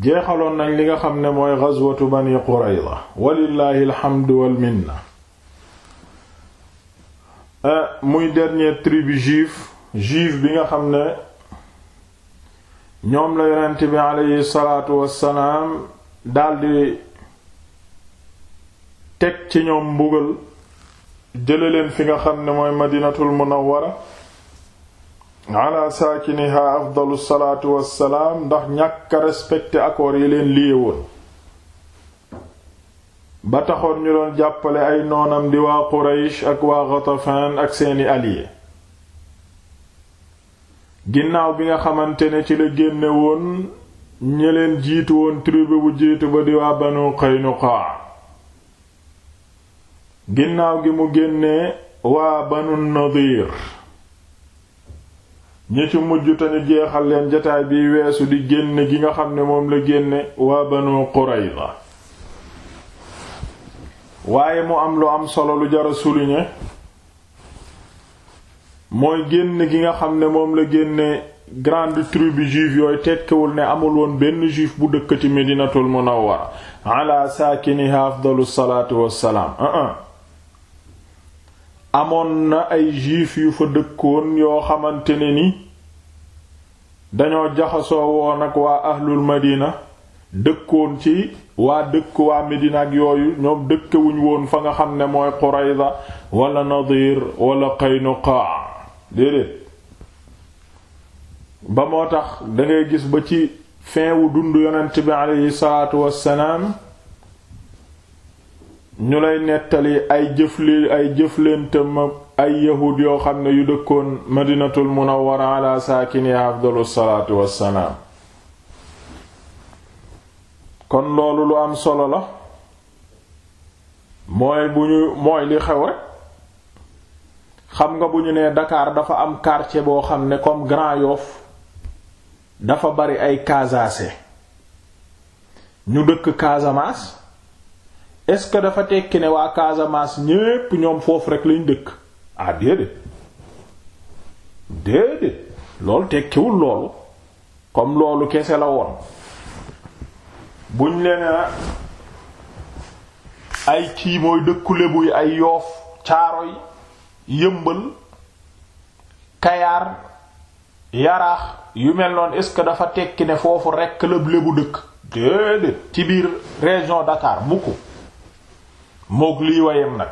jeexaloon nañ li nga xam ne mooy ghazwatu bani qurayza walillahi alhamdu wal minna euh, muy dernier tribu juif juif bi nga xam ne ñoom la yonent bi aleyhi salaatu wassalaam daldi teg ci ñoom mbugal jële leen fi nga xam ne mooy madinatul munawwara ala saakiniha afdalu salaatu ndax ñàkk a respecté yi leen lié woon ba jàppale ay noonam di ak waa Ghatafan seeni alliés ginnaaw bi nga xamante ne ci la génne woon ñi leen jiitu woon tribu bu jiitu ba di waa Banu Qaynuqa ginnaaw gi mu génne waa Banu Nadir ñi ci mujj te ñu jeexal leen jataay biy weesu di génn gi nga xam ne moom la génne waa Banu Qurayza waaye mu am lu am solo lu jara souligner mooy génn gi nga xam ne moom la génne grande tribu juif yooyu tekkiwul ne amul woon benn juif bu dëkk ci Medinatul Munawwara ala saakiniha afdalu salaatu wassalaam uh-uh. amoon na ay juif yu fa dëkkoon yoo xamante ni dañoo jaxasoo woon ak waa ahlul madina dëkkoon ci waa dëkk waa Medina yooyu ñoom dëkkewuñ woon fa nga xam ne mooy Qurayza wala Nadir wala Qaynuqaa déedéet ba moo tax dangay gis ba ci fin wu dund yonent bi aleyhi salaatu wassalaam ñu lay nettali ay jëfli ay jëflentam ay yahuud yoo xam ne yu dëkkoon madinatul munawwara ala saakini afdalu salaatu wassalaam kon loolu lu am solo la mooy bu ñu mooy li xew rek xam nga bu ñu nee Dakar dafa am quartier boo xam ne comme Grand Yoff dafa bari ay casace ñu dëkk kaasamaas est-ce que dafa tekki ne waa Casamance ñépp ñoom foofu rek lañ dëkk ah déedéet déedéet loolu tekkiwul loolu comme loolu kese la woon buñ leen ay kii mooy dëkku Lebu yi ay Yoof Caaroy Yëmbal Kayaar Yaraax yu mel noonu est-ce que dafa tekki ne foofu rek la Lebu dëkk déedéet ci biir région Dakar mukk mook lii wayem nag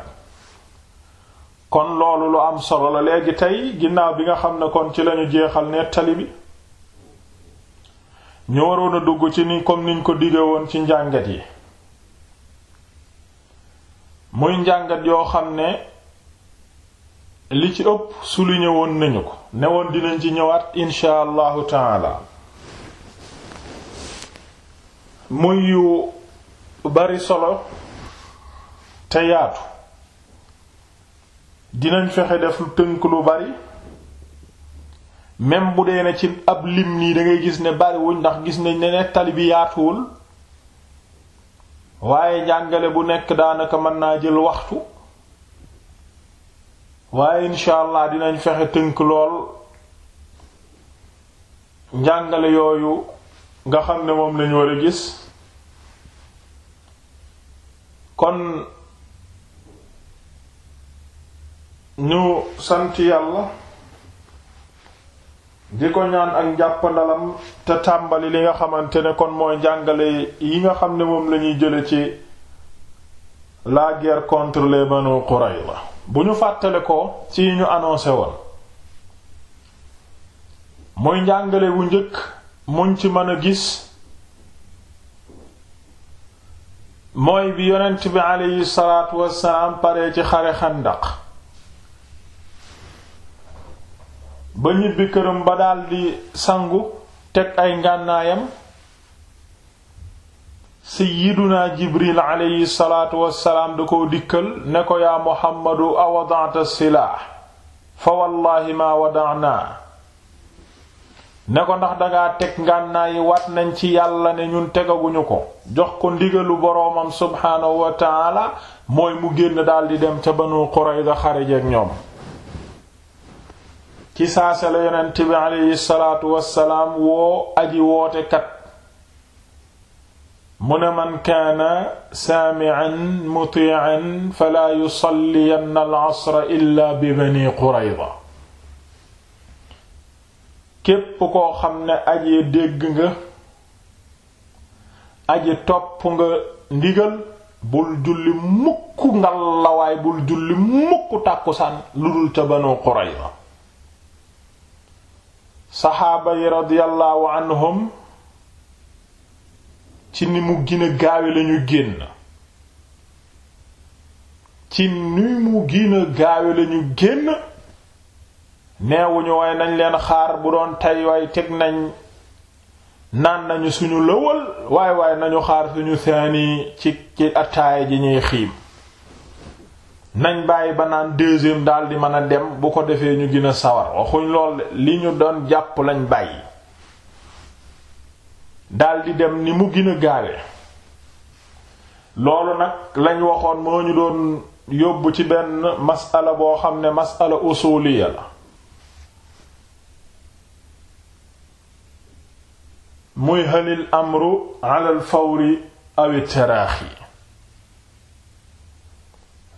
kon loolu lu am solo la léegi tey ginnaaw bi nga xam ne kon ci lañu ne tali bi ñu waroon a dugg ci ni comme niñ ko dige woon ci njàngat yi muy njàngat yoo xam ne li ci ëpp souligné ñëwoon nañu ko ne woon dinañ ci ñëwaat insha allahu taala muy yu bari solo te yaatu dinañ fexe def tënk lu bari même bu dee ne ci ab lim nii da gis ne bariwuñ ndax gis nañ ne nettali bi yaatuwul waaye njàngale bu nekk daanaka mën naa jël waxtu waaye incha allah dinañ fexe tënk lool njàngale yooyu nga xam ne moom lañu war a gis kon ñu sant yàlla di ko ñaan ak njàppandalam te tàmbali li nga xamante ne kon mooy njàngale yi nga xam ne moom lañuy jële ci la guerre contre les Banu Qurayza bu ñu fàttale ko ci ñu annoncé woon mooy njàngale wu njëkk muñ ci mën a gis mooy bi yonent bi aleyhi salaatu wassalaam pare ci xare xandaq ba ñibbi këram ba daldi sangu teg ay ngànnaayam sayyiduna jibril aleyhi salaatu wassalaam da ko dikkal ne ko yaa muhammadu awadanta silaah fa wallaahi ma wadana ne ko ndax dangaa teg ngànnaayi wat nañ ci yàlla ne ñun tegaguñu ko jox ko ndigalu boroomam subhaanahu wa mooy mu génn daldi dem ca banu qurayza xarejeek ñoom ci saase la yonent bi aleyhi salaatu wassalaam woo aji woote kat mu ne man kaana saami'an muti'an falaa yusalliyanna al-asra illaa bi bani qurayza képp koo xam ne aji dégg nga aji topp nga ndigal bul julli mukk ngal bul julli mukk tàkkusaan lu dul ca banu qurayza saxaaba yi radiyallahu anhum ci ni mu gën a gaawe génn ci ni mu gën a gaawe lañu génn neewuñu way nañ leen xaar bu doon tey way teg nañ naan nañu suñu lëwal waay waay nañu xaar suñu seeni ci ci attaaya ji ñuy xiim nañ bàyyi ba naan deuxième daal di mën a dem bu ko defee ñu gën a sawar waxuñ lool li ñu doon jàpp lañ bàyyi daal di dem ni mu gën a gaawe loolu nag lañ waxoon moo ñu doon yóbbu ci benn masala boo xam ne masala usuliya la muy halil amru alal fawri awi taraaxi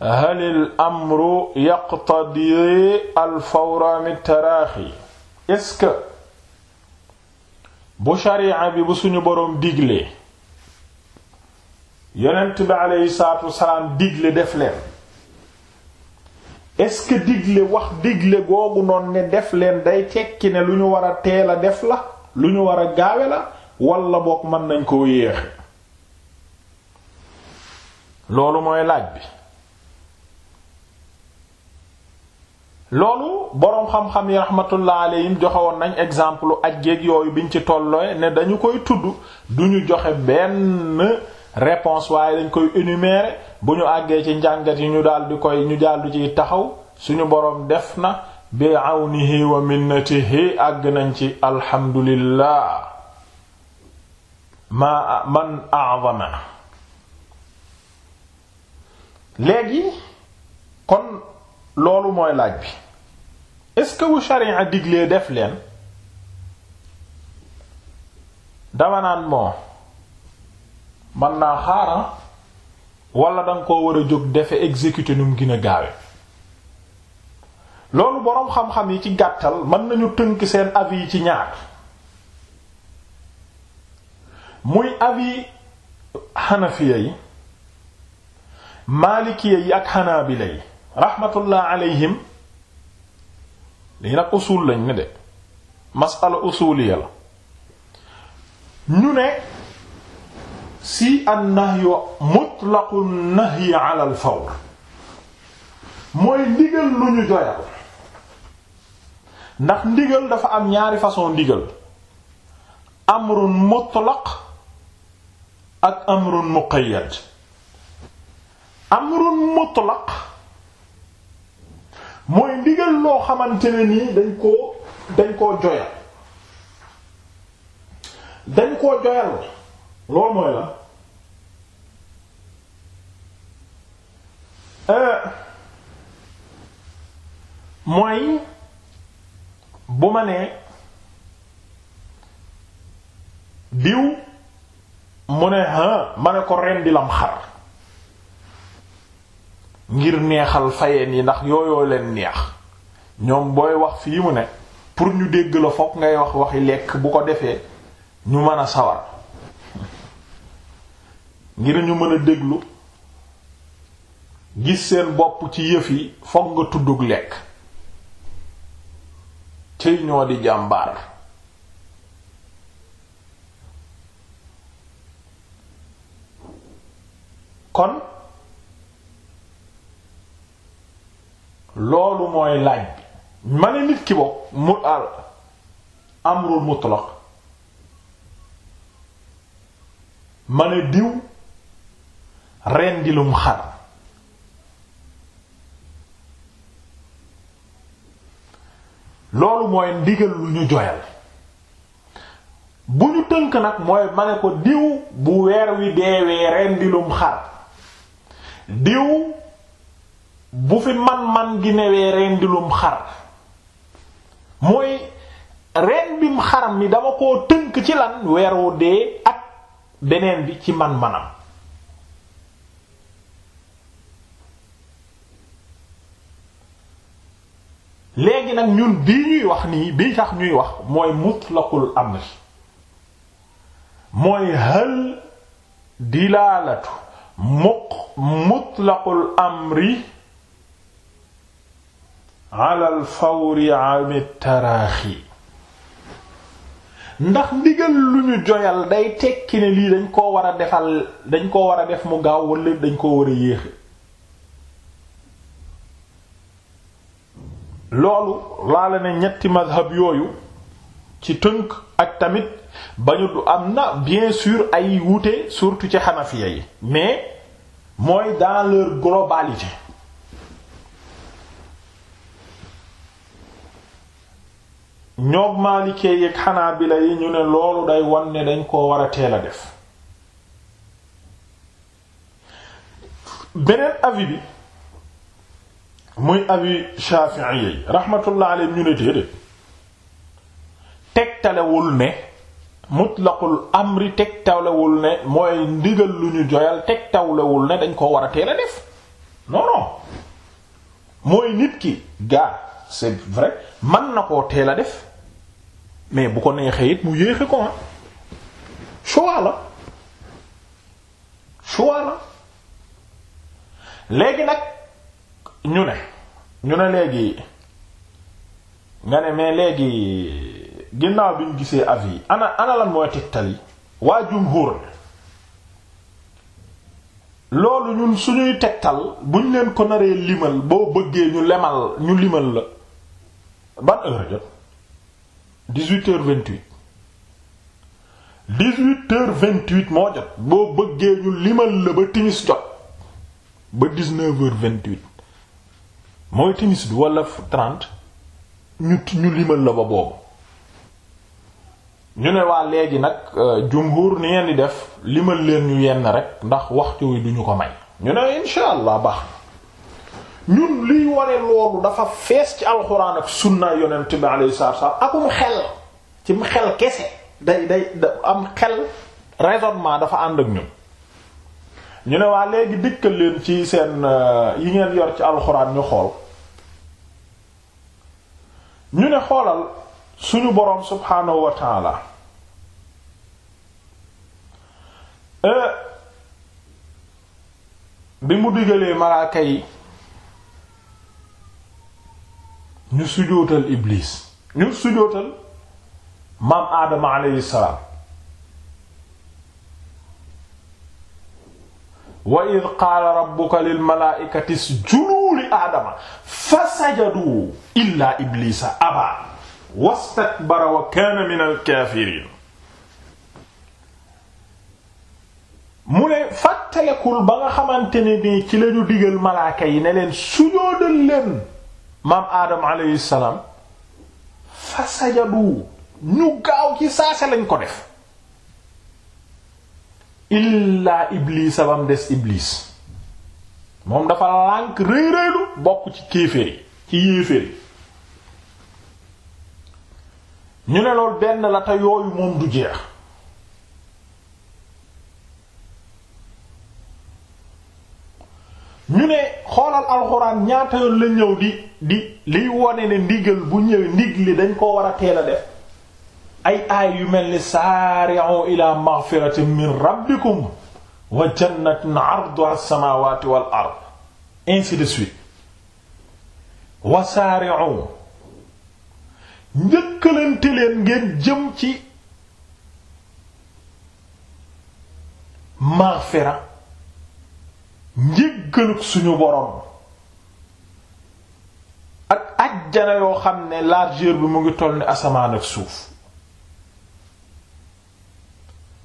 halil amru yaqtadi alfawra min taraaxi est-ce que bu sharia bi bu suñu boroom digle yonent bi aleyhi salaatu digle def leen est-ce que digle wax digle googu noon ne def leen day tekki ne lu ñu war a teel a def la lu ñu war a gaawe la walla boog mën nañ koo yéex loolu mooy laaj bi loolu boroom xam-xam yi rahmatullah alayhim joxe woon nañ exemple aj géeg yooyu biñ ci tollooy ne dañu koy tudd duñu joxe benn réponse waaye dañ koy énumérer bu ñu àggee ci njàngat yi ñu daal di koy ñu daal di ciy taxaw suñu boroom def na bi awnihi wa minnatihi àgg nañ ci alhamdulillah ma man a'zama léegi kon loolu mooy laaj bi est-ce que bu sharia diglee def leen dama naan moo man naa xaaral ah? wala danga koo war a jóg defe exécuter nu mu gën gaawe loolu boroom xam-xam yi ci gàttal mën nañu tënk seen avis yi ci ñaar muy avis xanafiya yi maalikiya yi ak xanaabila yi rahmatullah alayhim lii nag usul lañ ne de masala usuliya la ñu ne si annahyu mutlaqu nahyi ala al fawr mooy ndigal lu ñu joyal ndax ndigal dafa am ñaari façon ndigal amrun mutlaq ak amrun muqayyad amrun mutlaq mooy ndigal loo xamante ne nii dañ koo dañ koo joyal dañ koo joyal loolu mooy la euh, mooy bu ma nee diw mu ne ha ma ne ko rendi lam xar ngir neexal fayeen yi ndax yooyoo leen neex ñoom booy wax fii mu ne pour ñu dégg la fokk ngay wax waxi lekk bu ko defee ñu mën a sawar ngir ñu mën a déglu gis seen bopp ci yëf yi fokk nga tuddug lekk cëy ñoo di jàmbaar kon loolu mooy laaj bi ma ne nit ki bopp mu al amrul mutlaq ma ne diw rendilum xar loolu mooy ndigal lu ñu joyal bu ñu tënk nag mooy ma ne ko diw bu weer wi deewee rendilum xar diw bu fi man-man gi newee rendilum xar mooy ren bim xar mi dama ko tënk ci lan weer wu dee ak beneen bi ci man-manam léegi nag ñun bii ñuy wax nii bii tax ñuy wax mooy mutlaqul amr mooy hal dilaalatu muq mutlaqul amri alal fawri amit taraaxi ndax ndigal lu ñu joyal day tekki ne lii dañ koo war a defal dañ koo war a def mu gaaw wala dañ koo war a yéexe loolu laa ne ñetti mazhab yooyu ci tënk ak tamit bañu du am na bien sur ay wuute surtout ci xanafiya yi mais mooy dans leur ñoog maalikee xanaa xanaabila yi ñu ne loolu day wan ne dañ koo war a teel a def beneen avis bi muy avis Shafi'i yi rahmatullah alayhi ñu ne déedéet tegtalewul ne mutlaqul amri tegtalewul ne mooy ndigal lu ñu joyal tegtalewul ne dañ koo war a teel def non non mooy nit ki gaa c'est vrai mën na koo teel a def mais bu ko neexee it mu yéexe ko ah choix la choix la léegi nag ñu ne ñu ne léegi nga ne mais léegi ginnaaw bi ñu gisee avis yi ana ana lan mooy tegtal yi waa jumhur loolu ñun suñuy tegtal buñ leen ko naree limal boo bëggee ñu lemal ñu limal la ban heure jot dix-huit heures vingt-huit dix-huit vingt-huit moo jot boo bëggee ñu limal la ba timis jot ba dix-neuf heures vingt-huit mooy timis bi walla trente ñu ñu limal la ba boobu ñu ne waa léegi nag euh, jumhur ni ngeen di def limal leen ñu yenn rek ndax waxtu wi duñu ko may ñu ne insha baax ñun liy waree loolu dafa fees ci alxuraan ak sunna yonent bi alayhi salaatu wasallam akum xel ci xel kese day day am xel raisonnement dafa ànd ak ñun ñu ne waa léegi dikkal leen ci seen euh, yi ngeen yor ci alxuraan ñu xool ñu ne xoolal suñu boroom subhaanahu wa taala euh, bi mu digalee malaaka yi ñu sujootal Iblis ñu sujootal maam Adama aleyhi salaam wa id qaala rabbuka lil malaa'ikati isjudu li aadama fasajadu illaa iblisa abaa wastakbara wa kaana min alkaafiriin mu ne fàttalekul ba nga xamante ne nii ci lañu digal malaaka yi ne leen sujoodal leen maam aadam alayhi salaam fa sajadu ñu gaaw ci saase lañ ko def illaa iblisa bam des iblis moom dafa lànk rëy rëylu bokk ci kéeféer yi ci yéeféer yi ñu ne lool benn la te yooyu moom du jeex ñu ne xoolal alxuraan ñaata yoon la ñëw di di liy wone ne ndigal bu ñëwee ndig li dañ ko war a teela def ay aay yu mel ni saari'u ila maghfiratin min rabbikum wa jannatin 'arduha as-samawati wal ard ainsi de suite wa saari'u njëkkalante leen ngeen jëm ci maghfira njéggaluk suñu boroom ak ajjana yoo xam ne largeur bi mu ngi toll ni asamaan ak suuf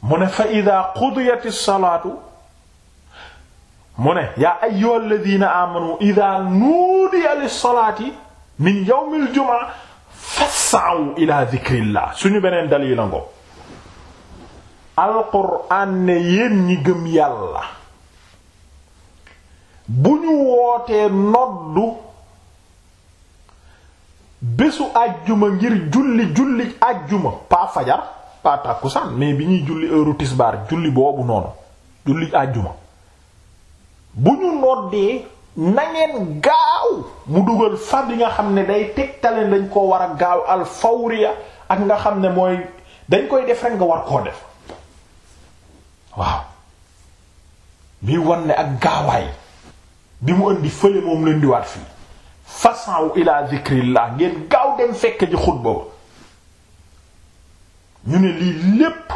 mu ne fa ida qudiyati salaatu mu ne yaa ayyuhal ladina amanu ida nuudiya lissalaati min yawmil jumaa fasaw ila dhikrillah suñu beneen dalil la alquraan ne yéen gëm yàlla bu ñu wootee noddu bésu àjjuma ngir julli julli àjjuma pas fajar pas mais bi ñuy julli heure tisbaar julli boobu noonu julli àjjuma bu ñu noddee na ngeen gaaw mu dugal fa bi nga xam ne day tegtale dañ ko war a gaaw al ak nga xam ne mooy dañ koy def rek nga war koo def waaw bi wan ne ak gaawaay bi mu indi fële moom la indiwaat fii fasaw ila zikrillah ngeen gaaw dem fekk ji xutba ba ñu ne lii lépp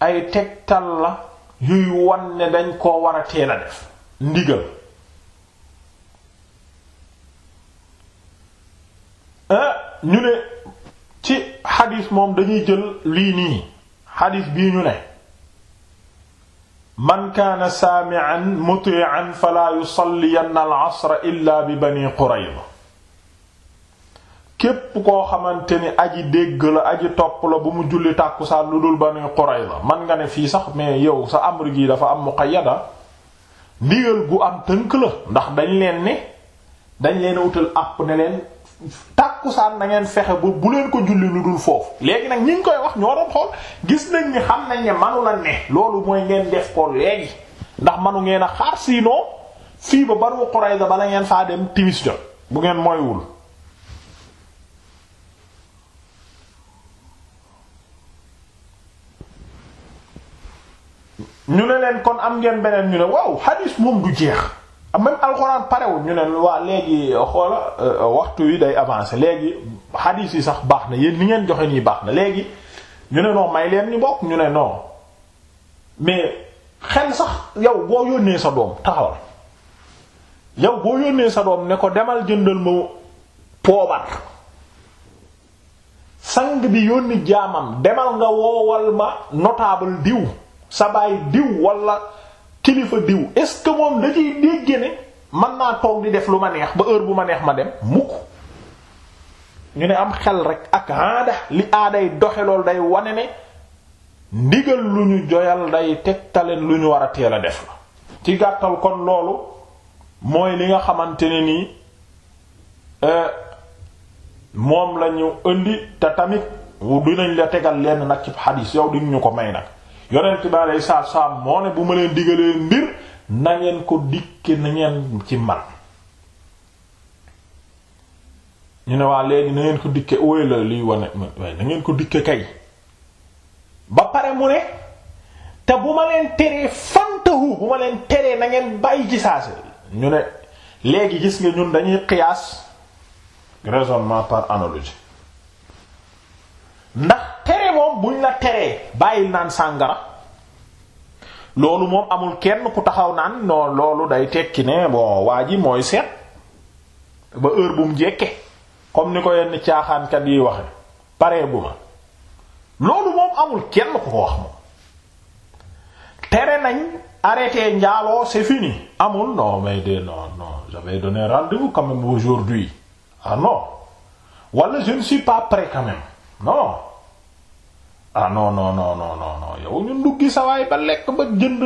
ay tegtal la yuy wan ne dañ koo war a teel a def ndigal eh, ñu ne ci xadiis moom dañuy jël lii nii xadiis bii ñu ne man kaana saami'an muti'an falaa yusalliyanna al-'asra illaa bi bani Qurayza képp koo xamante ni aji dégg la aji topp la bu mu julli tàkkusaan lu dul bani Qurayza man nga ne fii sax mais yow sa amr gi dafa am muqayyada ndigal gu am tënk la ndax dañ leen ne dañ leen wutal àpp ne tàkkusaan na ngeen fexe ba bu leen ko julli lu dul foofu léegi nag ñi ngi koy wax ñoo doon xool gis nañ ni xam nañ ne manu la ne loolu mooy ngeen def ko léegi ndax manu ngeen a xaar siinoo fii ba Banu Qurayza bala ngeen faa dem timis jot bu ngeen mooywul ñu ne leen kon am ngeen beneen ñu ne waaw hadis moom du jeex même alxuraan parewul ñu ne waa léegi xoola euh, waxtu yi day avancé léegi xadiis yi sax baax na yéen ni ngeen joxe nii baax na léegi ñu ne non may leen ñu bokk ñu ne non mais xel sax yow boo yónnee sa doom taxawal yow boo yónnee sa doom ne ko demal jëndal ma poobar sang bi yónni jaamam demal nga woowal ma notable diw sa baay diw walla kilifa diw est-ce que moom da ciy dégg ne mën naa toog di def lu ma neex ba heure bu ma neex ma dem mukk ñu ne am xel rek ak aada li aaday doxe lool day wane ne ndigal lu ñu joyal day tegtaleen lu ñu war a teel a def la ci gàttal kon loolu mooy li nga xamante ne nii euh, moom lañu indi te tamit dinañ la tegal lenn nag ci xadiis yow duñ ñu ko may nag yonent bi aleyhi salaatu moo ne bu ma leen digalee mbir na ngeen ko dikke na ci man ñu ne waa léegi na ngeen ko dikke ooy la liy wane waaye na ngeen ko dikk kay ba pare mu ne te bu ma leen teree fantahu bu ma leen teree na bàyyi ci saase ñu ne léegi gis nga ñun dañuy qiyaas raisonnement par analogie ndax moom buñ la teree bàyyi naan sàngara loolu moom amul kenn ku taxaw naan non loolu day tekki ne bon waa ji mooy seet ba heure bu mu jekke comme ni ko yenn caaxaankat yi waxe paree bu ma loolu moom amul kenn ku ko wax moom tere nañ arrêté njaaloo c'est amul non mais de non non j'avais donné rendez-vous quand aujourd'hui ah non wala je pas prêt quand même ah no non non non non yow ñu nduggi sawaay ba lekk ba jënd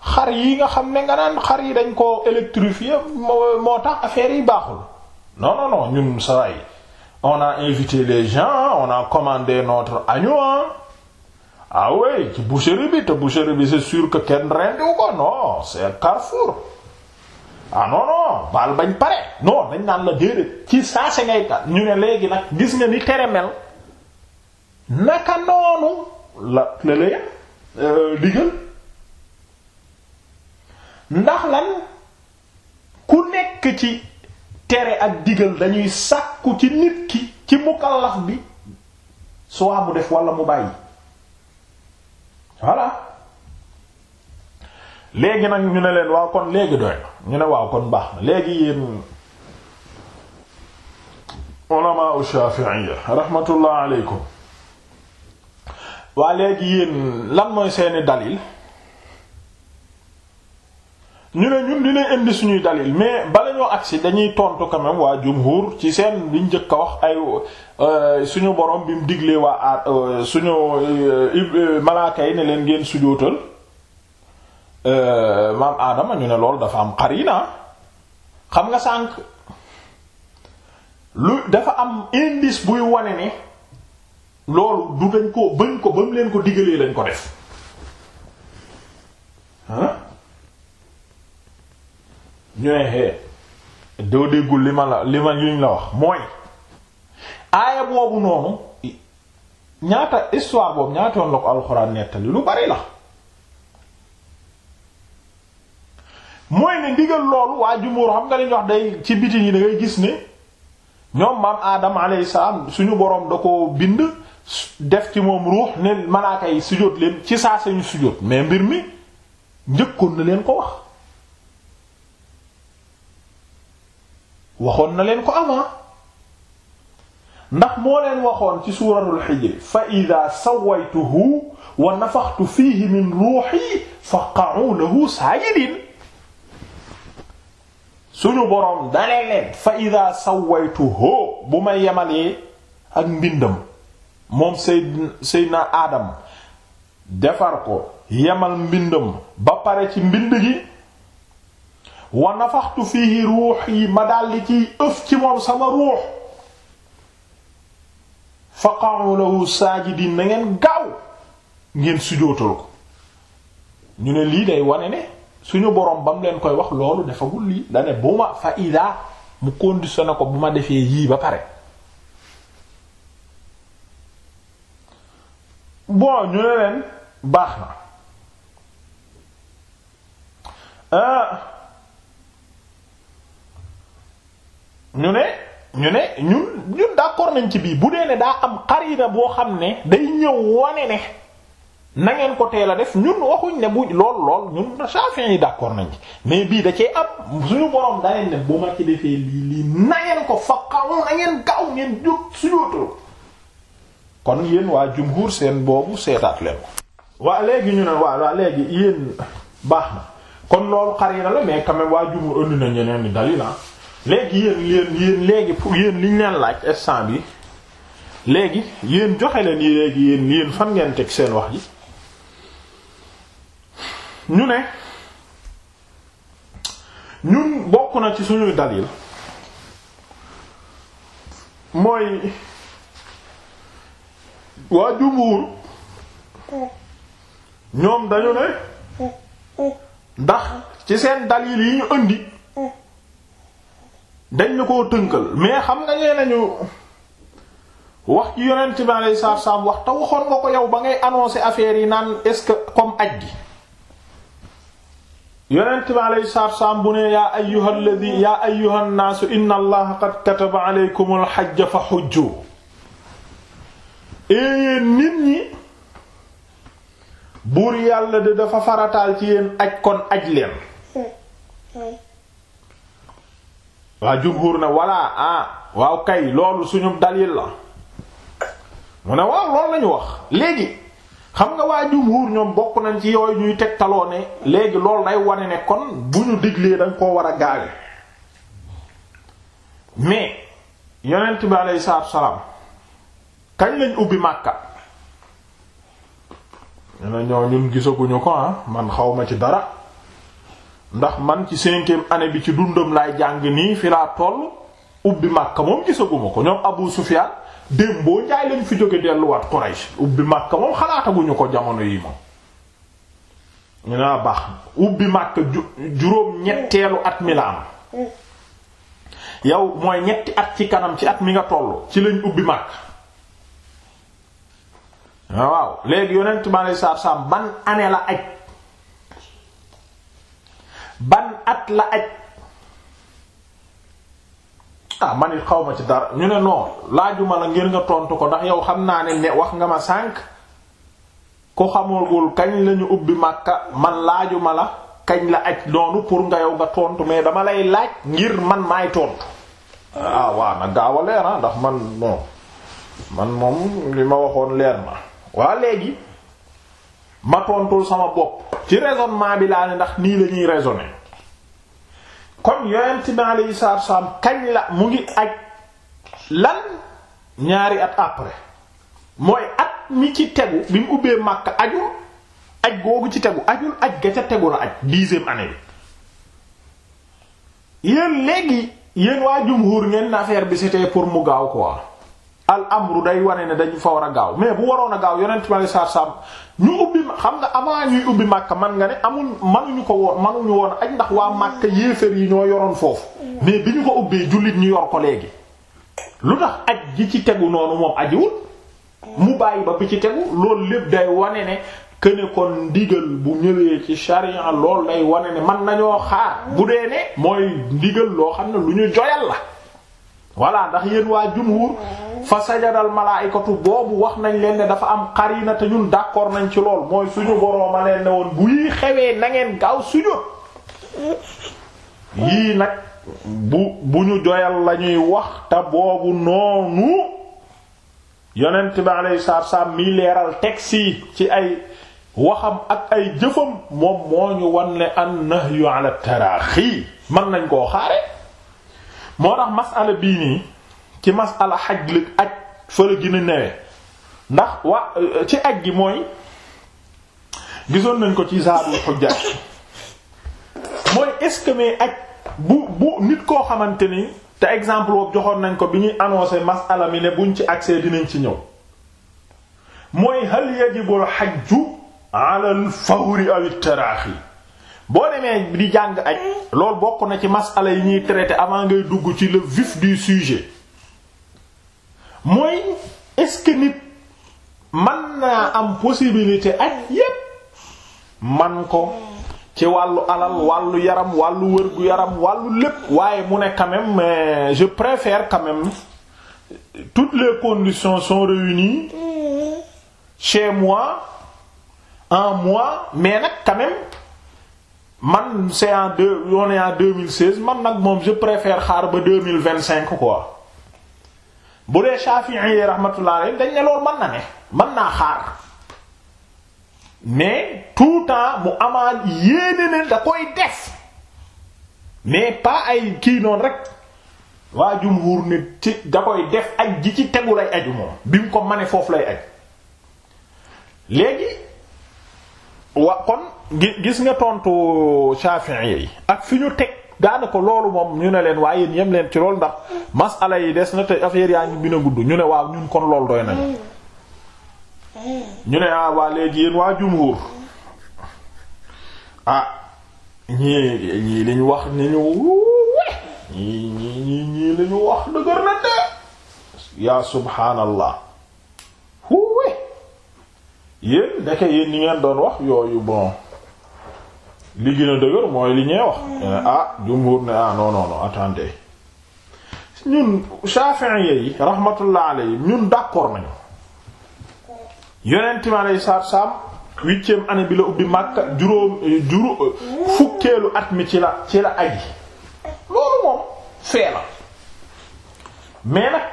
xar yi nga xam ne nga naan xar yi dañ koo électrifié moo tax affaire yi baaxul no non non ñun sawaay on a invité les gens on a commandé notre agneau ah oui ci boucherie bi te boucherie bi c'est sûr que kenn rendiwu ko non c'est Carrefour ah non non baal bañ pare non dañ naan la déedéet ci saa si ñu ne léegi na gis nga ni tere mel. naka noonu la la leen euh, digal ndax lan ku nekk ci tere ak digal dañuy sàkku ci nit ki ci mukallaf bi soit mu def wala mu bàyyi voilà léegi nag ñu ne leen waaw kon léegi doy ñu ne waaw kon baax na léegi yéen ulama Shafi'iyya rahmatullah aleykum waa léegi yéen lan mooy seeni dalil ñu ne ñun dinañ indi suñuy dalil mais bala ñoo agsi dañuy tontu quand même waa jumhur ci seen liñ jëkk a wax ay euh, suñu borom bim digle waa a euh, suñu euh, malaaka yi ne leen ngeen sujootal maam aadama ñu ne loolu dafa am xarina xam nga sànq lu dafa am indice buy wone ne loolu du dañ ko bañ ko ba mu leen ko digalee lañ ko def ah ñooy doo déggul li ma la li ma yuñ la wax mooy aaya boobu noonu ñaata histoire boobu ñaata yoon la ko alxuraan nettali lu bari la mooy ne ndigal loolu waa jumóor xam nga li ñu day ci biti yi da ngay gis ne ñoom maam Adam alayhi suñu boroom da ko bind def ci moom ruux ne malaaka yi sujjóot leen ci saa sañu sujjóot mais mbir mi njëkkoon na leen ko wax waxoon na leen ko avant ndax moo leen waxoon ci suuratul Hijr fa idaa sawaytuhu wa nafaxtu fiihi min ruuxi faqa'u lahu saajidiin suñu boroom dalee leen fa idaa sawaytuhu bu may yemalee ak mbindam moom Seydina Seydina Adam defar ko yemal mbindam ba pare ci mbind gi wa nafaxtu fihi ruux yi ma daldi ciy ëf ci moom sama ruux faqa'u lahu saajidin na ngeen gaaw ngeen sujootal ko ñu ne lii dey wane ne suñu boroom ba mu leen koy wax loolu defagul lii da bu ma fa mu conditionné ko bu ma defee yii ba pare bon ñu ne leen baax na euh, ñu ne ñu ne ñun ñun d'accord nañ ci biir bu dee ne daa am xarina boo xam ne day ñëw wane ne na ko teel a def ñun waxuñ ne bu lool lool ñun Shafi'i yi d'accord nañ ci mais bii da cee am suñu borom da leen bu ma ci defee lii lii na ko faqaw na ngeen gaaw ngeen jóg suñu kon yéen waa jumhur seen boobu seetaat leen ko waa léegi ñu ne waa waa léegi yéen baax na kon loolu xarina la mais quand même waa jumhur indi na ñeneen ni dalil la ah. léegi yéen yéen léegi pour liñ leen laaj instant bi léegi yéen joxe leen yi léegi yéen fan ngeen teg seen wax yi ñu ne ñun bokk na ci suñuy dalil mooy waa jumhur ñoom dañu ne ndax ci seen dalil yi ñu indi dañ ñu koo tënkal mais xam na nee nañu wax ci yonent bi alayhi salaatu wax te waxoon nga ko yow ba ngay annoncer affaire yi naan est-ce que comme aj gi yonent bi alayhi salaatu bu ne yaa ayyuhal ladhi yaa ayyuhan naasu inna allaha qad kataba alaykumul hajja fa hujju yéen eh, nit ñi buur yàlla de dafa farataal ci yéen aj kon aj leen waa jumhur na walla ah waaw kay loolu suñu dalil la mu ne waaw loolu lañu wax léegi xam nga waa jumhur ñoom bokk nañ ci yooyu ñuy teg taloo ne léegi lool nay wane ne kon bu ñu diglee dañ koo war a gaawe mais yonent bi aleyhi salaam kañ lañ ubbi Makka ñu ne ñoo ñun gisaguñu ko ah man xawma ci dara ndax man ci cinquième année bi ci dundam laay jàng nii fi laa toll ubbi Makka moom gisaguma ko ñoom Abu Sufyan démb boo jaay lañ fi jóge delluwaat Quraysh ubbi Makka moom xalaataguñu ko jamono yi moom ñu ne ah, baax ubbi Makka juróom ñetteelu at mi la am yow mooy ñetti at ci kanam ci at mi nga toll ci lañ ubbi Makka Ah, waaw léegi yonent mi aleyhi salaatu salaam ban année la aj ban at la aj ah man it xaw ma ci dara ñu ne non laajuma la ngir nga tontu ko ndax yow xam naa ne wax nga ma sànq ko xamagul kañ la ñu ubbi Makka man laajuma la kañ la aj noonu pour nga yow nga tontu mais dama lay laaj ngir man maay tontu. ah waaw nag gaaw a leer ah, ndax man non man moom li ma waxoon leer na. waaw léegi ma tontul sama bopp ci raisonnement bi laa ne ndax nii lañuy raisonner kon yonent bi alayhi salaatu salaam kañ la mu ngi aj lan ñaari at après mooy at mi ci tegu bi mu ubbee Makka ajul aj googu ci tegu ajul aj ga ca tegu na aj dixième année bi yéen léegi yéen waa jumhur ngeen affaire bi c'était pour mu gaaw quoi al amru day wane ne dañu fa war a gaaw mais bu waroon a gaaw yonent ma saar saam ñu ubbi xam nga avant ñuy ubbi Makka man nga ne amul ñu ko woon ñu woon aj ndax waa Makka yéeféer yi ñoo yoroon foofu mais bi ñu ko ubbee jullit ñu yor ko léegi lu tax aj gi ci tegu noonu moom ajiwul mu bàyyi ba bi ci tegu loolu lépp day wane ne këne ko ndigal bu ñëwee ci sharia lool day wane ne man nañoo xaar bu dee ne mooy ndigal loo xam ne lu ñu joyal la fa sajadal malaayikatu boobu wax nañ leen ne dafa am xarina te ñun d'accord nañ ci lool mooy suñu boroom a leen ne woon bu yii xewee na gaaw sujjóot yii nag bu bu ñu joyal la ñuy wax te boobu noonu yonent bi alayhi salaatu wassalaam mi ci ay waxam ak ay jëfam moom moo ñu wan ne an nahyu ala taraaxi mën nañ koo xaare moo tax masala bii nii ci masala xaj la aj fa la gën newee ndax wa ci aj gi mooy gisoon nañ ko ci zaadul xujjaaj mooy est-ce que mais aj bu bu nit koo xamante ni te exemple boobu joxoon nañ ko bi ñuy annoncé masala mi ne buñ ci accès dinañ ci ñëw mooy hal yajibul xajju ala al fawri aw taraaxi boo demee di jàng aj loolu bokk na ci masala yi ñuy traité avant ngay dugg ci le vif du sujet mooy est-ce que nit man naa am possibilité ak yépp man ko ci wàllu alal wàllu yaram wàllu wërgu yaram wàllu lépp waaye mu ne quand mais je préfère quand même toutes les conditions sont réunies chez moi en moi mais nag quand même man c'est en deux on est en 2016 man nag moom je préfère xaar ba 2025 quoi bu dee Shafi'i yi rahmatullah alayhi dañ ne loolu mën na ne mën naa xaar mais tout temps mu amaan yéene ne da koy def mais pas ay kii noonu rek waa jumhur ne ci da koy def ak ji ci tegu lay aju moom bi mu ko mane foofu lay aj léegi wa kon gis nga tontu Shafi'i yi ak fi ñu teg ko loolu moom ñu ne leen waaye yéen yem leen ci loolu ndax masala yi des na te affaire yaa ngi na gudd ñu ne waaw ñun kon loolu doy nañu ñu ne ah waa léegi yéen waa jumhur ah ñii ñii li ñu wax ni ñu ñii ñii ñii ñii li na de yaa subhaanallah huwe yéen ndeke yéen ñi ngeen doon wax yooyu bon li gën a dëgër mooy li ñee wax ah jumhur ne ah non non non attendez ñun yi rahmatullah alayhi ñun d'accord nañu yonent mi alayhi salaatu salaam huitième année bi la ubbi Makka juróom eh, juróom eh, fukkeelu at mi ci la ci la aji loolu moom fee la mais nag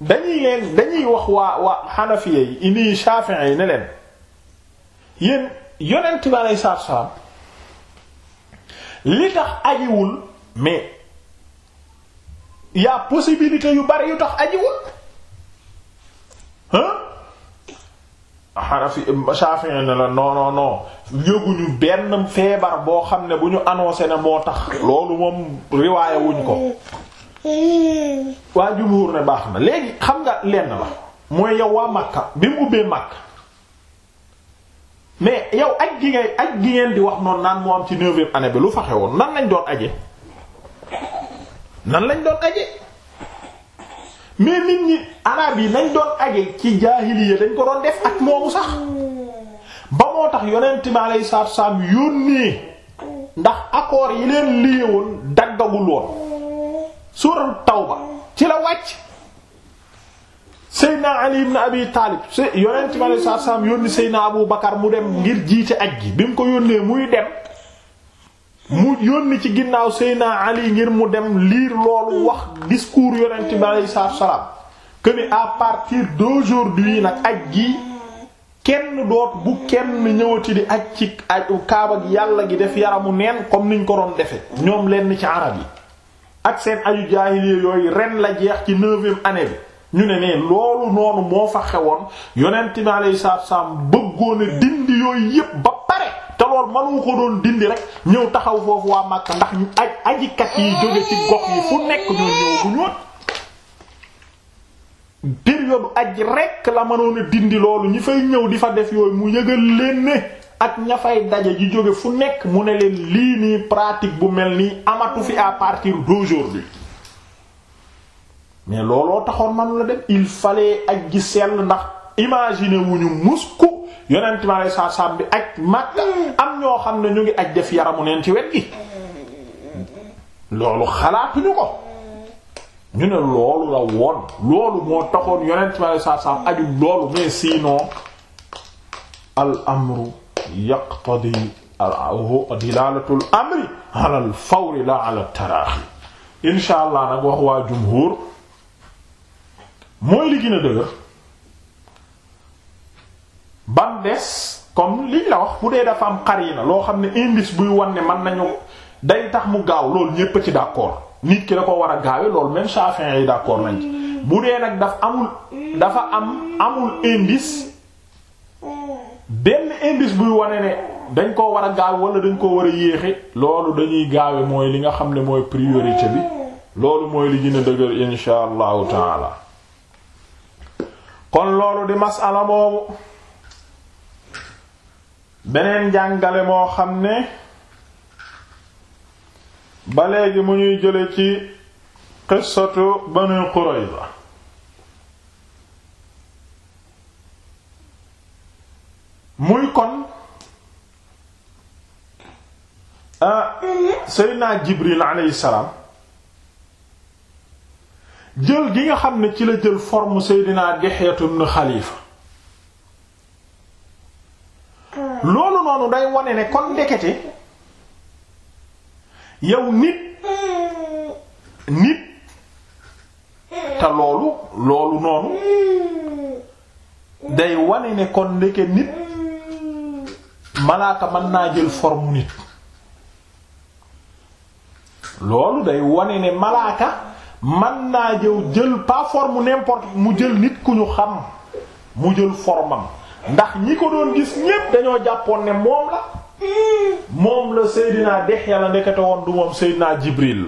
dañuy leen dañuy wax waa waa Hanafiya yi indi Shafi'i yi ne leen yéen yonent bi aleyhi salaam li tax ajiwul mais y'a possibilité yu bari yu tax ajiwul hein xanafi Shafi'i ne la non non non benn feebar boo xam ne bu ñu annoncé ne moo tax loolu moom riwaaya wuñ ko waa jumhur ne baax na léegi xam nga lenn la mooy yow waa Makka bi mu ubbee Makka mais yow aj gi ngay aj gi ngeen di wax noonu naan moo am ci neuvième année bi lu fa xewoon nan lañ doon aje nan lañ doon aje mais nit ñi arab yi nañ doon aje ci jaahiliya dañ ko doon def ak moomu sax ba moo tax yonent mi lay salaatu salaam yónnee ndax accords yi leen lié woon daggagul woon suuratu Tawba ci la wàcc Seydina Ali ibn Abi Taalib yonent bi alayhi salaam yónni Seydina Abu Bakar mu dem ngir jiite aj gi bi mu ko yónnee muy dem mu yónni ci ginnaaw Seydina Ali ngir mu dem liir loolu wax discours yonent bi alayhi salaam que ni à partir d'aujourd'hui nag aj gi kenn doot bu kenn ñëwati di aj ci aj kaaba yàlla gi def yaramu neen comme niñ ko doon defe ñoom lenn ci arab yi ak seen aju jaahiliya yooyu ren la jeex ci neuvième année bi ñu ne ne loolu noonu moo fa xewoon yonent bi alayhi salaatu wasalaam bëggoon dindi yooyu yépp ba pare te loolu ko doon dindi rek ñëw taxaw foofu waa Makka ndax ñu aj ajikat yi jóge ci gox yi fu nekk ñoo ñëw bu ñoon période aj rek la mënoon a dindi loolu ñi fay ñëw di fa def yooyu mu yëgal leen ne ak ña fay daje ji jóge fu nekk mu ne leen lii nii pratique bu mel nii amatu fi à partir bi mais looloo taxoon man la dem il fallait aj gi sell ndax imaginer wuñu musku yonent ma lay saa bi aj Makka am ñoo xam ne ñu ngi aj def yaramu neen ci wet gi loolu xalaatuñu ko ñu ne loolu la woon loolu moo taxoon yonent ma lay saa saam aju loolu mais sinon al amru yaqtadi dilalatul amri ala al fawri ala taraaxi insha allah nag wax waa jumhur mooy li gën a dëgër bam des comme liñ la wax bu dee dafa am xar na loo xam ne indice buy wan ne mën nañu day tax mu gaaw loolu ñépp a ci d'accord nit ki la ko war a gaawe loolu même Chafi'i yi d'accord nañ ci bu dee nag daf amul dafa am amul indice benn indice buy wane ne dañ koo war a gaawe wala dañ koo war a yéexe loolu dañuy gaawe mooy li nga xam ne mooy priorité bi loolu mooy li gën a dëgër insha allahu taala kon loolu di masala moomu beneen jàngale moo xam ne ba léegi mu ñuy jële ci qissatu Banu Qurayza muy kon ah Seydina Jibril alayhi salaam jël gi nga xam ne ci la jël forme Seydina Dihiyatu ibn Xalifa loolu noonu day wane ne kon ndekete yow nit nit te loolu loolu noonu day wane ne kon ndeke nit malaaka mën naa jël forme nit loolu day wane ne malaaka man naa jëw jël pas forme n'importe mu jël nit ku ñu xam mu jël formam ndax ñi ko doon gis ñépp dañoo jàppoon ne moom la moom la Seydina Dexya la ndekete woon du moom Seydina Jibril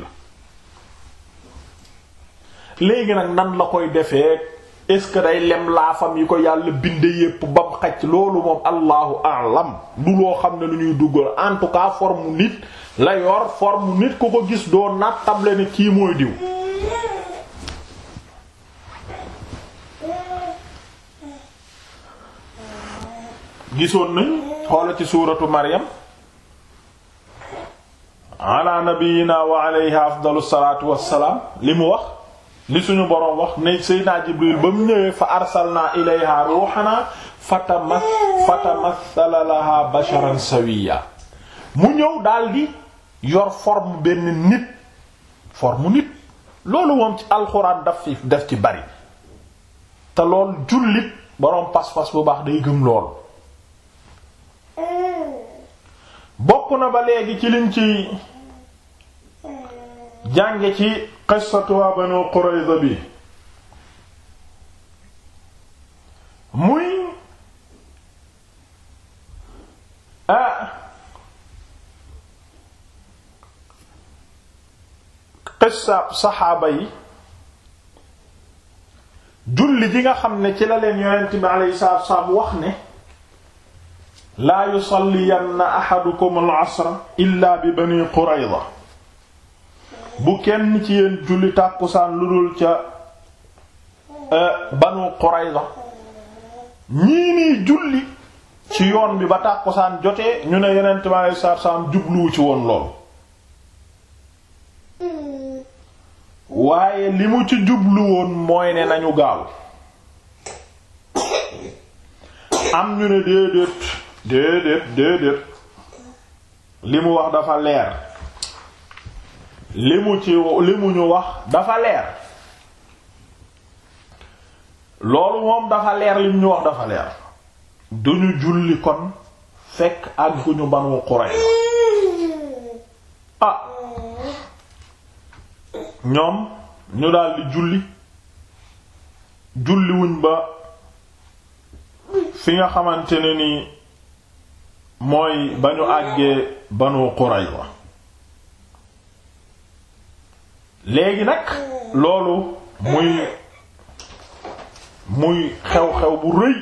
la léegi nag nan la koy defee est-ce que day lem laafam yi ko yàlla binde yépp bam xacc loolu moom allahu alam du loo xam ne lu ñuy duggal en tout cas forme nit la yor forme nit ku ko gis doo naat table ne kii mooy diw gisoon nañ xoola ci suuratu Maryam ala nabiyina wa alayhi afdalu salaatu wassalaam li mu wax li suñu boroom wax ne Seydina Jibril ba mu ñëwee fa arsalna ilayha ruuhana fatama fatamassala laha basharan sawiya mu ñëw daldi yor forme benn nit forme nit loolu moom ci alxuraan daf ci def ci bari te lool jullit boroom pas-pas bu baax day gëm lool bokk na ba léegi ci liñ ci jànge ci qissatu waa Banu bi muy ah xissa saxaaba yi julli ji nga xam ne ci la leen yonent bi alayhi salaatu wax ne laa yusalliyanna ahadukum al-asra illaa bi bani qurayza bu kenn ci yéen julli tàkkusaan lu dul ca euh, banu qurayza ñii nii julli ci yoon bi ba tàkkusaan jotee ñu ne yonent bi alayhi salaatu jubluwu ci woon lool waaye li mu ci jublu woon mooy ne nañu gaaw am ñu ne déedéet déedéet déedéet li mu wax dafa leer li mu ci li mu ñu wax dafa leer loolu moom dafa leer li mu ñu wax dafa leer duñu julli kon fekk àgguñu Banu Qurayza ah ñoom ñu daldi julli julliwuñ ba fi nga xamante ni mooy ba ñu àggee Banu Qurayza léegi nag loolu muy muy xew-xew bu rëy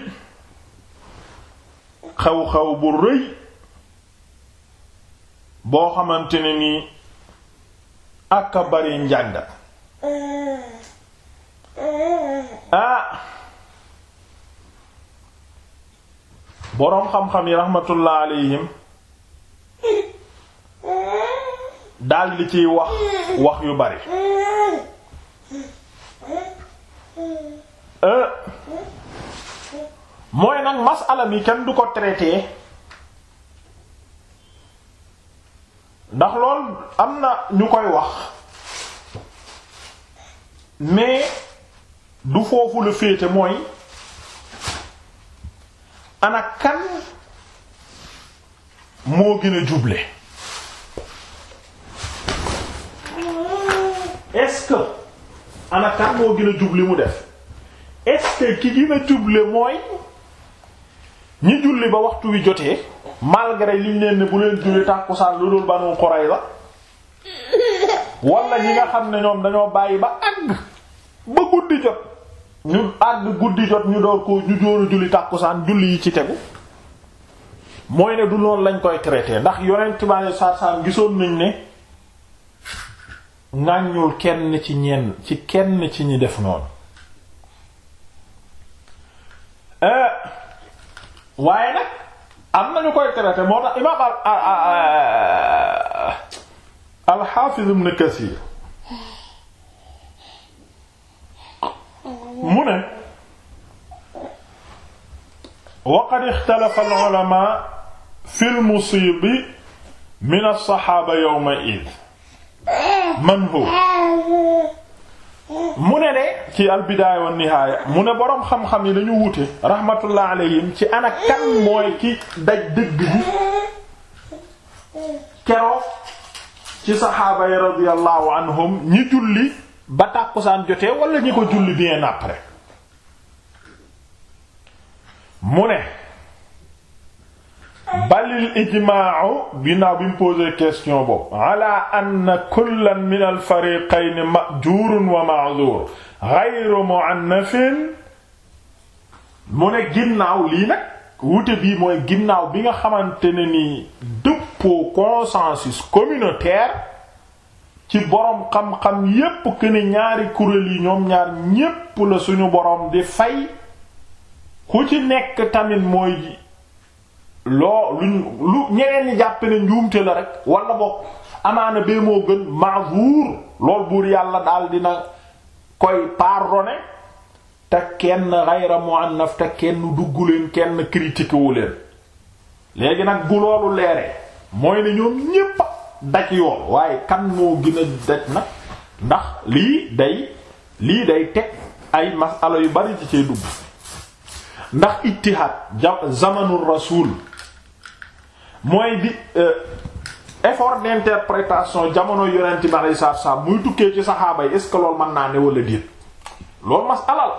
xew-xew bu rëy boo xamante ne nii aka bari njàng ah boroom xam-xam yi raxmatullah alayhim daal li ciy wax wax yu bari eh. mooy nag masala mi kenn du ko traité ndax lool am na ñu koy wax mais du foofu la féete mooy ana moo gën a juble est-ce que ana kan moo gën a jubli mu def est-ce que ki gën a juble mooy ñi julli ba waxtu wi jotee malgré liñ leen ne bu leen julli tàkkusaan lu dul Banu Qurayza wala ñi nga xam ne ñoom dañoo bàyyi ba àgg ba guddi jot ñu àgg guddi jot ñu door ko ñu dóoru julli tàkkusaan julli yi ci tegu mooy ne du noonu lañ koy traité ndax yonent bi sarsaan gisoon nañ ne ŋàññul kenn ci ñenn ci kenn ci ñi def noonu eh, waaye nag am nañu koy traité moo tax imaam al-Hafiz Ibn Kathir mu ne wa qad ixtalafa al-ulama fi al-musibi min as-sahaba yawma'idh man huwa mu ne ne ci albidaaya nihaaya mu ne boroom xam-xam yi dañu wute rahmatullah alayhim ci ana kan mooy ki daj dëgg bi keroog ci saxaaba yi radiyallahu anhum ñi julli ba tàkkusaan jotee wala ñi ko julli bien après mu ne balil ijmaa'u ginnaaw bi mu posé question boobu ala anna kullan min al fariqayn ma'jurun wa ma'zur ghayru mu'annafin mu ne ginnaaw lii nag wute bii mooy ginnaaw bi nga xamante ne ni dëppoo consensus communautaire ci boroom xam-xam yépp que ñaari kuréel yi ñoom ñaar ñépp la suñu boroom di fay ku ci nekk tamit mooy loo lu ñeneen ñi jàppe ne njuumte la rek wala boog amaana bee moo gën mazur lool buur yàlla daal dina koy pardonner te kenn ghayra mu'annaf te kenn dugg leen kenn critiqué leen léegi nag bu loolu leeree mooy ne ñoom ñépp daj yoon waaye kan moo gën daj nag ndax lii day lii day teg ay masala yu bari ci cay dugg ndax ittihaad jamanul rasul mooy di euh, effort d'interprétation jamono yonent bi aleyhi salaatu salaam muy tukkee ci saxaaba yi est-ce naa ne wala déet loolu masala la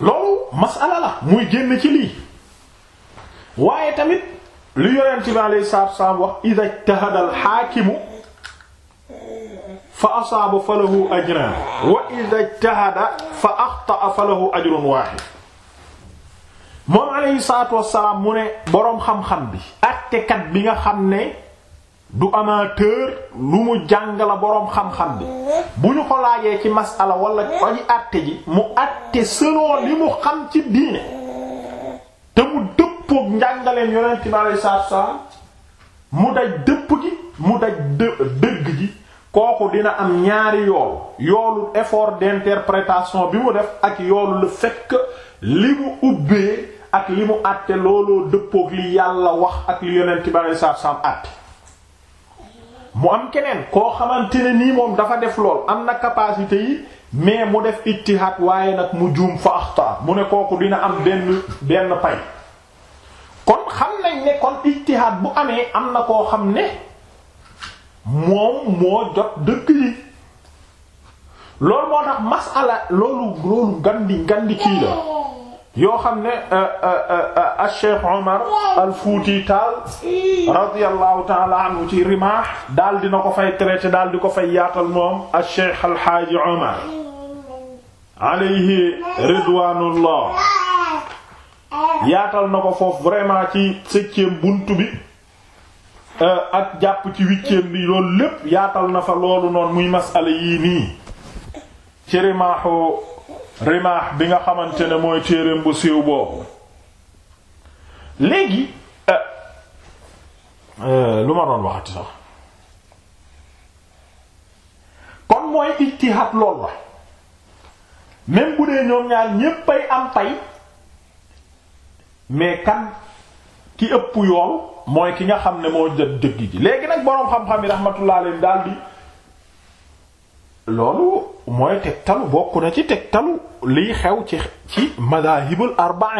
loolu masala la muy génn ci lii waaye tamit lu yonent bi aleyhi salaatu salaam wax idha ijtahada al fa asaaba fa axta'a falahu ajrun moom alayhi salaatu wassalaam mu ne boroom xam-xam bi àttekat bi nga xam ne du amateur lu mu jàng la boroom xam-xam bi bu ñu ko laajee ci masala wala aji àtte ji mu àtte selon li mu xam ci diine te mu dëppook njàngaleem yonent bi alayhi salaatu wassalaam mu daj dëpp gi mu daj dëgg gi kooku dina am ñaari yool yoolu effort d'interprétation bi mu def ak yoolu le fait li mu ubbee ak li mu àtte looloo dëppook li yàlla wax ak li yonent bi alei satu àtte mu am keneen koo xamante ne nii moom dafa def lool am na capacité yi mais mu def ittihaad waaye nag mu juum fa axta mu ne kooku dina am benn benn pay kon xam nañ ne kon ittihaad bu amee am na koo xam ne moom moo jot dëkk yi loolu moo tax masala loolu loolu ngandi ngandi kii la yoo xam ne euh, euh, euh, Cheikh Omar al Fuuti Taal radiyallahu taala anhu ci Rimah daal dina ko fay traité daal di ko fay yaatal moom Cheikh al Haaji Omar alayhi ridwaanullah yaatal na ko foofu vraiment ci septième bunt bi ak jàpp ci huitième bi loolu lépp yaatal na fa loolu noonu muy masala yii nii ci Rimaahu rimaax bi nga xamante ne mooy téereem bu siiw boobu léegi euh, euh, lu ma doon waxati sax kon mooy ijtihaad lool la même bu dee ñoom ñaar ñéppay am pay mais kan ki ëpp yool mooy ki nga xam ne moo jot dëgg ji léegi nag boroom xam-xam yi rahmatullah alayhi di loolu mooy tegtalu bokk na ci tegtalu liy xew ci ci madahibul arbaa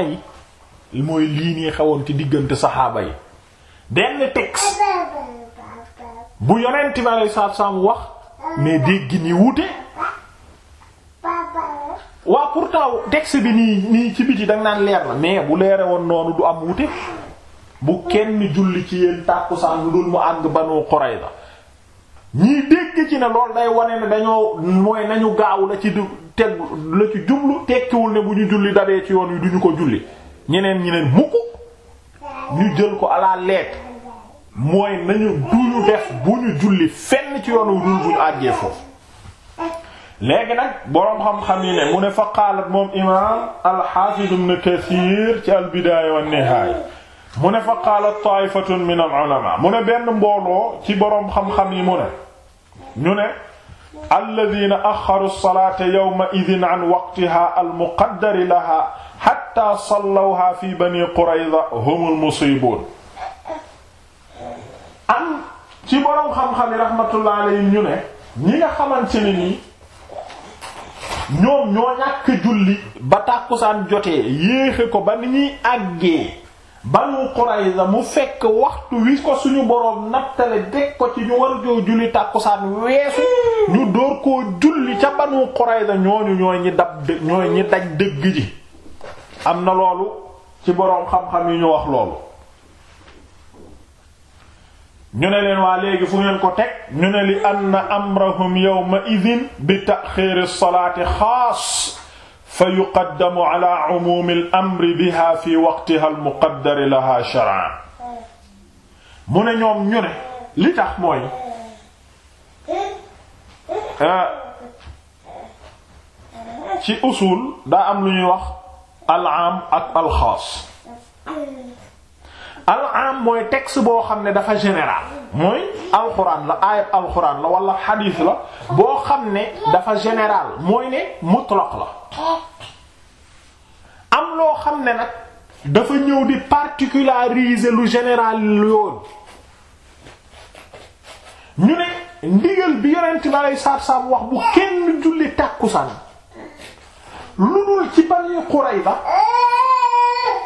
yi mooy lii nii xewoon ci diggante saxaaba yi benn texte bu yonent bi alei salatu salaam wax mais dégg ni wuute waa pourtant texte bi nii nii ci biti danga naan leer na mais bu leere woon noonu du am wuute bu kenn julli ci yéen tàkkusaan lu dul mu àgg Banu la ñiy dégg ci ne loolu day wone na dañoo mooy nañu gaaw la ci du teg la ci jublu tekkiwul ne bu ñu julli dabee ci yoon wi duñu ko julli ñeneen ñi neen mukk ñu jël ko à la mooy nañu duñu def bu ñu julli fenn ci yoon wi dul bu ñu àggee foofu léegi nag boroom xam-xam yi ne mu ne fa moom imaam al-Hafiz ibn Kathir ci al-Bidaya wan-Nihaya mu ne fa qaalat taifatun min al ulama mu ne benn mbooloo ci boroom xam-xam yi mu ne ñu ne alladina axaru lsalaata yowma idin an waqtiha almuqaddari laha xatta sallawha fi bani qurayda hum almusibuun am ci boroom xam-xam yi rahmatullah alayhim ñu ne ñi nga xamante ne nii ñoom ñoo ñàkk julli ba tàkkusaan jotee yéexe ko ba ni ñuy àggee Banu Qurayza mu fekk waxtu wi ko suñu boroom nattale deg ko ci ñu war joo julli tàkkusaan weesu ñu door koo julli ca Banu Qurayza ñooñu ñooy ñi dab ñooy ñi daj dëgg ji am na loolu ci boroom xam-xam yi ñu wax loolu ñu ne leen waa léegi fu ngeen ko teg ñu ne li anna amrahum yawma idhin bi ta'khir as-salati xaas fa yuqaddamu ala umumi al amri biha fi waqtiha al muqaddari laha shar'an mu ne ñoom ñu ne li tax mooy ci usul daa am lu ñuy wax al aam ak al xaas al am mooy texte boo xam ne dafa général mooy alxuraan la ayat alxuraan la wala xadiis la boo xam ne dafa général mooy ne mutlaq la am loo xam ne nag dafa ñëw di particulariser lu général loolu ñu ne ndigal bi yonent bi aley saatu wax bu kenn julli tàkkusaan lu dul ci Bani ba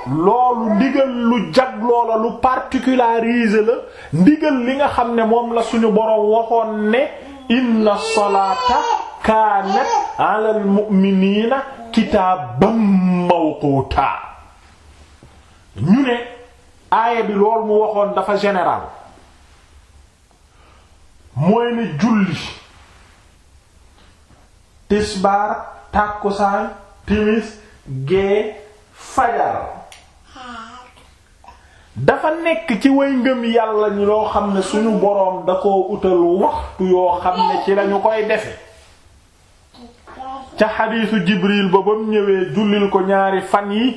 loolu ndigal lu jag loola lu particularisé la ndigal li nga xam ne moom la suñu boroom waxoon ne inna salaata kaanat alal mu'miniina kitaaban mawquuta ñu ne aaya bi loolu mu waxoon dafa général mooy ne julli tisbaar tàkkusaan timis gee fajar dafa nekk ci way ngëm yàlla ñi loo xam ne suñu boroom da koo utal waxtu yoo xam ne ci lañu koy defe ca xadiisu Jibril ba bam ñëwee jullil ko ñaari fan yi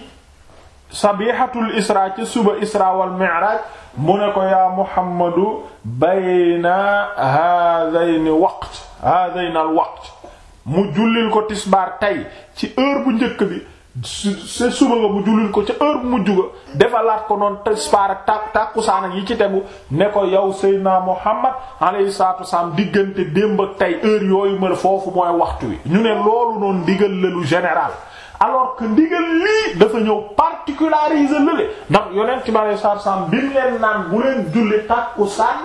sabihatul isra ci suba isra wal mi'raj mu ne ko yaa Muhammadu bayna haadayni waqt haadayna al waqt mu jullil ko tisbaar tey ci heure bu njëkk bi se suba nga bu julil ko ca heure bu mujj ga defalaat ko noonu tisbaar ak tàkk tàkkusaan ak yi ci tegu ne ko yow Seydina Muhammad alayhi salaatu wasalaam diggante démb ak tey heure yooyu ma foofu mooy waxtu wi ñu ne loolu noonu ndigal la lu général alors que ndigal lii dafa ñëw particularisé lële ndax yonent ci alayhi salaatu wasalaam bi mu leen naan bu leen julli tàkkusaan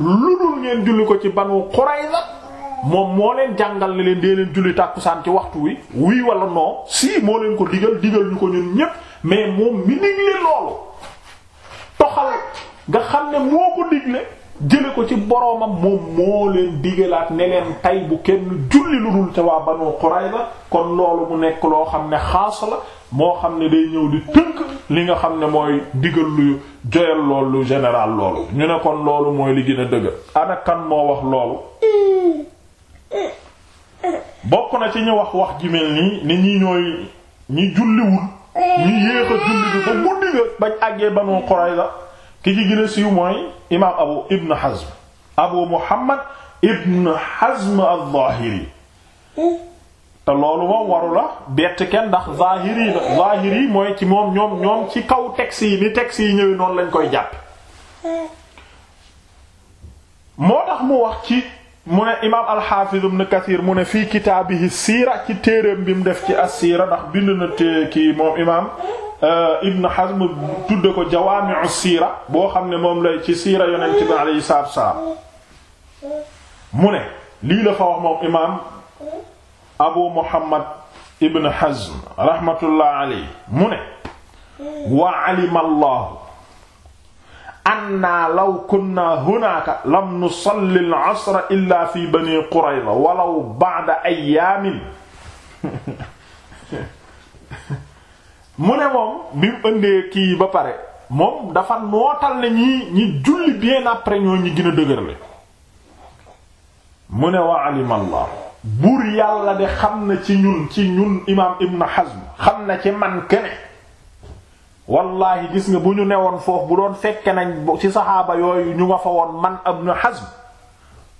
lu dul ngeen julli ko ci Banu Qurayza moom moo leen jàngal ne leen dee leen julli tàkkusaan ci waxtu wi wii wala non si moo leen ko digal digal ñu ko ñun ñépp mais moom mi digle loolu toxal nga xam ne moo ko digle jële ko ci boroomam moom moo leen digalaat ne leen tay bu kenn julli lu dul te waa Banu Qurayza kon loolu mu nekk loo xam ne xaas moo xam ne day ñëw di tënk li nga xam ne mooy digal lu joyal loolu général loolu ñu ne kon loolu mooy li gën a dëgg ana moo wax loolu bokk na ci ñu wax wax ji mel nii ne ñi ñooy ñi julliwul ñi yéex julli bi ba guddi nga bañ àggee Banu Qurayza ki ci gën a siiw mooy imaam Abu Ibn Hazm Abu Muhammad Ibn Hazm al-Zahiri te loolu moom waru la bett kenn ndax Zahiri la Zahiri mooy ci moom ñoom ñoom ci kaw texte yi ni texte yi ñëwee noonu lañ koy jàpp moo tax mu wax ci. mu ne imaam alxaafiz ibn kathir mu ne fii kitaabihi siira ci téereem bi def ci assiira ndax bind na te kii moom imaam euh, ibn hazm tudde ko jawaami'u siira boo xam ne moom lay ci siira yonent bi alayhi salaatu wassalaam mu ne lii la fa wax moom imaam abu muhammad ibn hazm rahmatullah alayhi mu wa alima allahu anna law kunna hunaaka lam nu al-asra illa fi bani Qurayza walaw ba'da ayyaamin mu ne moom bi mu ëndee kii ba pare moom dafa nootal ne ñi ñi julli bien après ñoo ñi gën a dëgërle mu ne wa alima buur yàlla de xam na ci ñun ci ñun imaam Ibn Hazm xam na ci man kene wallaahi gis nga bu ñu newoon foofu bu doon fekke nañ ci saxaaba yooyu ñu nga fa woon man Ibn Hazm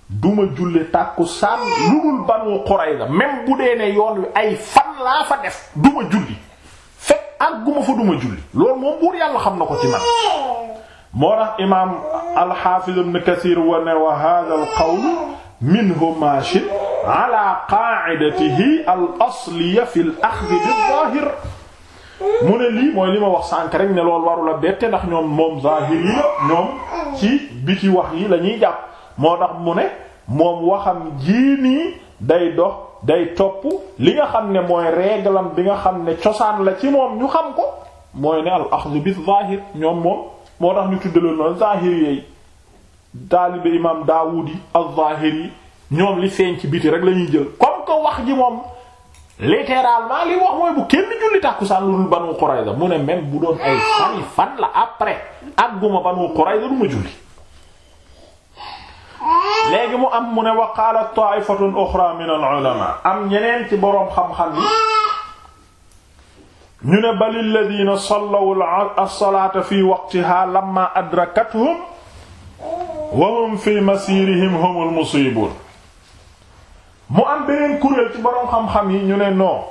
duma julli tàkkusaan lu dul Banu Qurayza même bu dee ne yoon wi ay fan laa fa def duma julli fekk ak guma fa duma julli loolu moom buur yàlla xam na ko ci man moo tax imaam al-Hafiz ibn Kathir wa ne wa hadha al-qawl minhu ma shit ala qa'idatihi al-asliya fi al-akhdh bi-dhahir mu ne lii mooy li ma wax sànk rek ne loolu warula bette ndax ñoom moom zahiri la ñoom ci biti wax yi lañuy jàpp moo tax mu ne moom waxam jii nii day dox day topp li nga xam ne mooy réglam bi nga xam ne cosaan la ci moom ñu xam ko mooy ne al axdu bi zahir ñoom moom moo tax ñu tuddaloon noonu zahiri yeey taalibe imam Daawud yi al zahiri yi ñoom li seen ci biti rek lañuy jël comme que wax ji moom littéralement li wax mooy bu kenn julli tàkkusaan lu Banu Qurayza mu ne même bu doon ay fan fan la après àgguma Banu Qurayza du ma julli léegi mu am mu ne wa qaala ta'ifatun ukhra min al-ulama am ñeneen ci boroom xam-xam yi ñu ne bal alladhina sallaw as-salata fi waqtiha lamma adrakathum wa hum fi masirihim humul musibun mu am beneen kuréel ci boroom xam-xam yi ñu ne non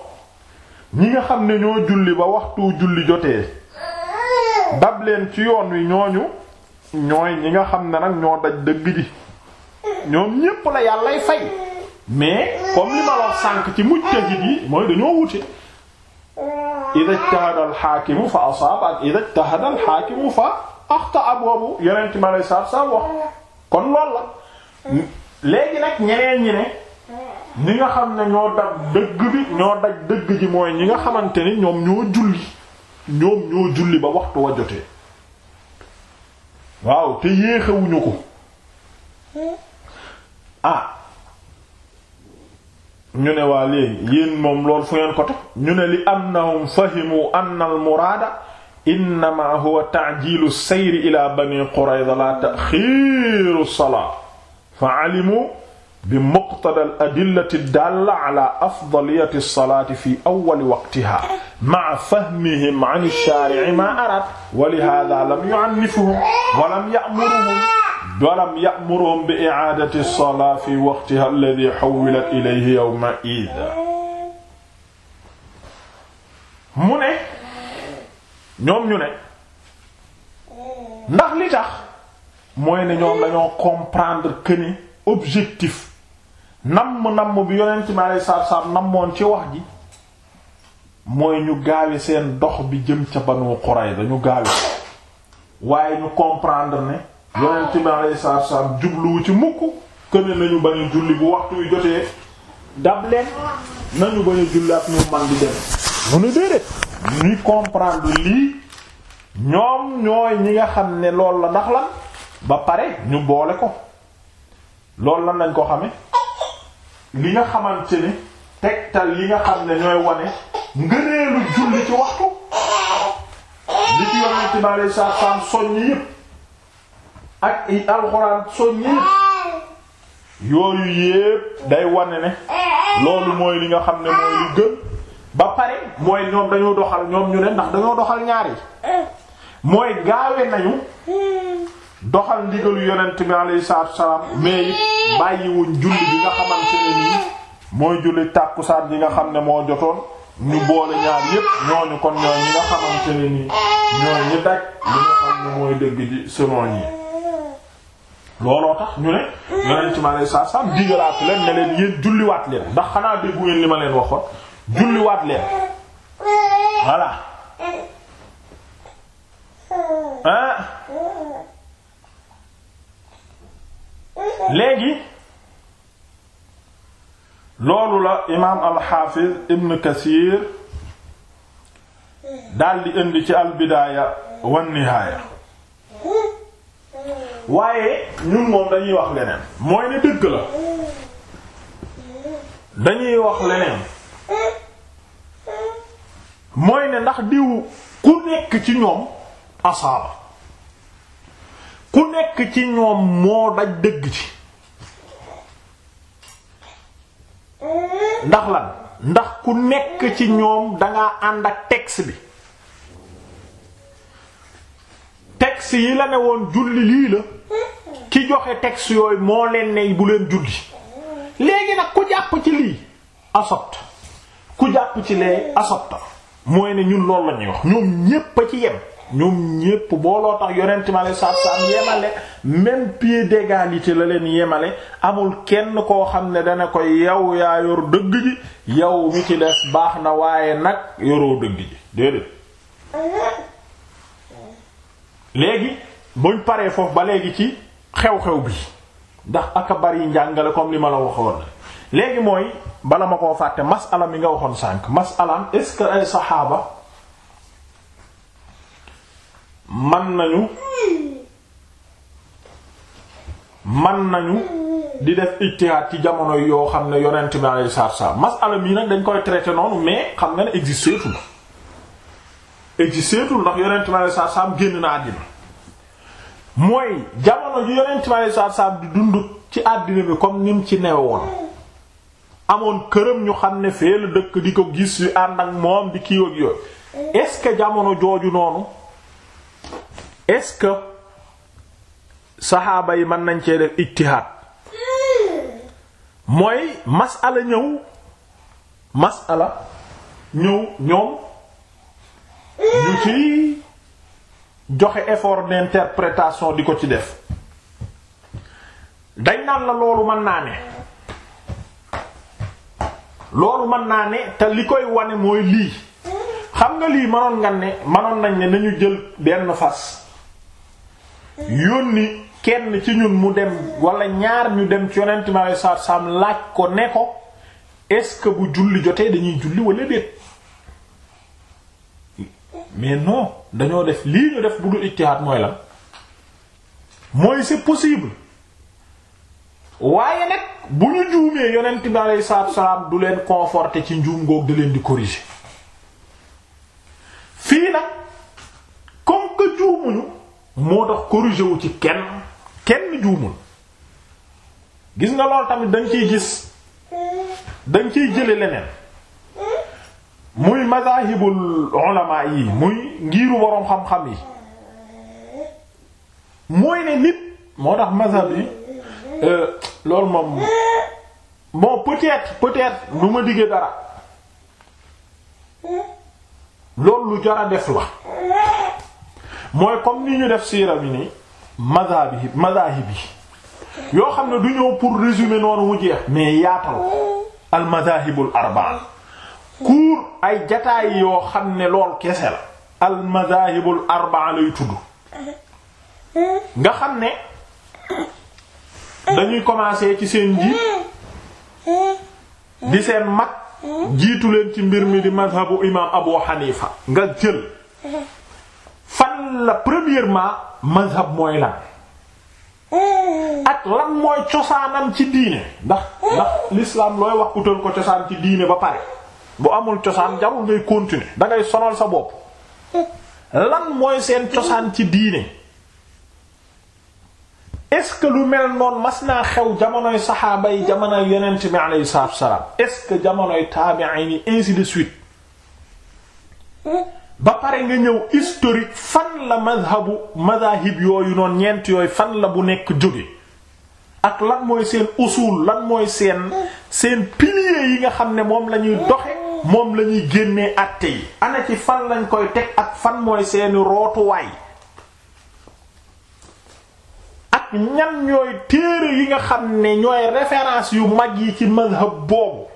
ñi nga xam ne ñoo julli ba waxtu julli jotee dab leen ci yoon wi ñooñu ñooy ñi nga xam ne nag ñoo daj dëgg ji ñoom ñépp la yàllay fay mais comme li ma wax sànk ci mujtahid yi mooy dañoo wute idha ijtahada al-hakimu fa asaaba ak idha ijtahada al-hakimu fa axta'a boobu yeneen ci ma lay saab saab wax kon lool la léegi nag ñeneen ñi ne ñi nga xam ne ñoo daj dëgg bi ñoo daj dëgg ji mooy ñi nga xamante ni ñoom ñoo julli ñoom ñoo julli ba waxtu wa waaw te yéexewuñu ko ah ñu ne waa léegi yéen moom lool fu ngeen ko teg ñu ne li annahum fahimu anna al muraada innama huwa ta'jilu sayri ila bani qurayza la ta'xiiru salaa fa alimu bi muqtada al adillati daalla ala afdaliyati lsalaati fi awali waqtiha maa fahmihim an lshaarici maa araad wa lihaada lam yuannifuhum walam yamuruhum walam yamuruhum bi icaadati lsalaa fi waqtiha alladi xawwilat ilayhi yowma id mu ne ñoom ñu ne ndax li tax mooy ne ñoom dañoo comprendre que ni objectif namm namm bi yonent mi alayhi salaatu salaam nammoon ci wax ji mooy ñu gaawe seen dox bi jëm ca Banu Qurayza ñu gaawe waaye ñu comprendre ne yonent mi alayhi salaatu salaam jubluwu ci mukk kër nañu bañ a julli bu waxtu yu jotee dab leen nañu bañ julli ak ñu man dem mu ne déedéet ñuy comprendre lii ñoom ñooy ñi nga xam ne lool la ndax la ba pare ñu boole ko lool lan lañ ko xame li nga xamante ne tegtal yi nga xam ne ñooy wane ngëneelu julli ci waxtu li ci yonent yooyu yépp day wane ne loolu mooy li nga xam ne mooy lu gën ba pare mooy ñoom dañoo doxal ñoom ñu ne ndax dañoo doxal ñaar yi mooy gaawe nañu doxal ndigalu yonent bi alayhi salaatu wasalaam mais it bàyyiwuñ julli bi nga xamante ne nii mooy julli tàkkusaan yi nga xam ne moo jotoon ñu boole ñaar yépp ñooñu kon ñooy ñi nga xamante ne nii ñooy ñi daj li nga xam ne mooy dëgg ji selon looloo tax ñu ne yonent bi alayhi salaatu wasalaam digalaatu leen ne leen yéen julliwaat leen ndax xanaa déggu ngeen li ma leen waxoon julliwaat leen voilà ah léegi loolu la imaam alxaafiz ibn kasiir daldi indi ci albidaaya wan nihaaya waaye ñun moom dañuy wax leneen mooy ne dëgg la dañuy wax leneen mooy ne ndax diw ku nekk ci ñoom asaaba ku nekk ci ñoom moo daj dëgg ci ndax lan ndax ku nekk ci ñoom dangaa ànd ak texte bi texte yi la ne woon julli lii la ki joxe texte yooyu moo leen ne bu leen julli léegi nag ku jàpp ci lii asopta ku jàpp ci lee asopta mooy ne ñun loolu la ñuy wax ñoom ñépp a ci yem ñoom ñépp booloo tax yonent ma lay saab saab yemale même pied d'égalité la leen yemale amul kenn koo xam ne dana ko yow yaa yor dëgg ji yow mi ci des baax na waaye nag yoroo dëgg ji déedéet léegi buñ paree foofu ba léegi ci xew-xew bi ndax aka bari njàngale comme li ma la waxoon léegi mooy bala ma koo fàtte masala mi nga waxoon sànq masalaam est-ce que ay saxaaba man nañu man nañu di def ijtihaad ci jamono yoo xam ne yonent bi alayhi salaatu mas masala mii nag dañ koy traité noonu mais xam nga ne existeetul existeetul ndax yonent bi alayhi salaatu génn na àddina mooy jamono ji yonent bi alayhi salaatu di dund ci àddina bi comme nim ci neewoon amoon këram ñu xam ne fee la dëkk di ko gis ànd ak moom di kii ak yooyu est-ce que jamono jooju noonu est-ce que saxaaba yi mën nañ cee def ijtihaad mooy masala ñëw masala ñëw ñoom ñu ci joxe effort d'interprétation di ko ci def dañ naan la loolu mën naa ne loolu mën naa ne te li koy wane mooy lii xam nga lii manoon nga ne manoon nañ ne nañu jël benn fas yónni kenn ci ñun mu dem walla ñaar ñu dem ci yonent mi alei saatu salaam laaj ko ne ko est-ce que bu julli jotee dañuy julli wala déet mais non dañoo def lii ñu def bu dul ijtihaad mooy la mooy c'est possible waaye nag bu ñu juumee yonent bi aleyhi salaatu du leen conforter ci njuum goog da leen di corriger fii nag kon que juumuñu moo tax corriger wu ci kenn kenn juumul gis nga lool tamit dañ ciy gis dañ ciy jële leneen muy mazahibul ulama yi muy ngiiru boroom xam-xam yi mooy ne nit moo tax mazhab yi euh, loolu moom bon peut-être nu ma diggee dara loolu lu jar a def la mooy comme ni ñu def siira bi nii mazhab yi mazahib yi yoo xam ne du ñëw pour résumer noonu mu jeex mais yaatal al mazahibul arbaa kuur ay jataay yoo xam ne lool kese la al mazahibul arbaa lay tudd nga xam ne dañuy commencer ci seen njiit di seen mat jiitu leen ci mbir mi di mazhabu imaam Abu Hanifa nga jël fan la premièrement mazhab mooy lan ak lan mooy cosaanam ci diine ndax ndax l'islam looy wax utal ko cosaan ci diine ba pare bu amul cosaan jarul ngay continuer da ngay sonal sa bopp lan mooy seen cosaan ci diine est-ce que lu mel noonu mas naa xew jamonoy saxaaba yi jamonoy yonent bi alayhi salaatu wa salaam est-ce que jamonoy taabi'in yi ainsi de suite ba pare nga ñëw historique fan la madhabu madahib yooyu noonu ñeent yooyu fan la bu nekk jóge ak lan mooy seen usul lan mooy seen seen piliers yi nga xam ne moom la ñuy doxe moom lañuy ñuy génnee àtte yi ana ci fan lañ koy teg ak fan mooy seeni rootuwaay ak ñan ñooy téere yi nga xam ne ñooy référence yu mag yi ci mazhab boobu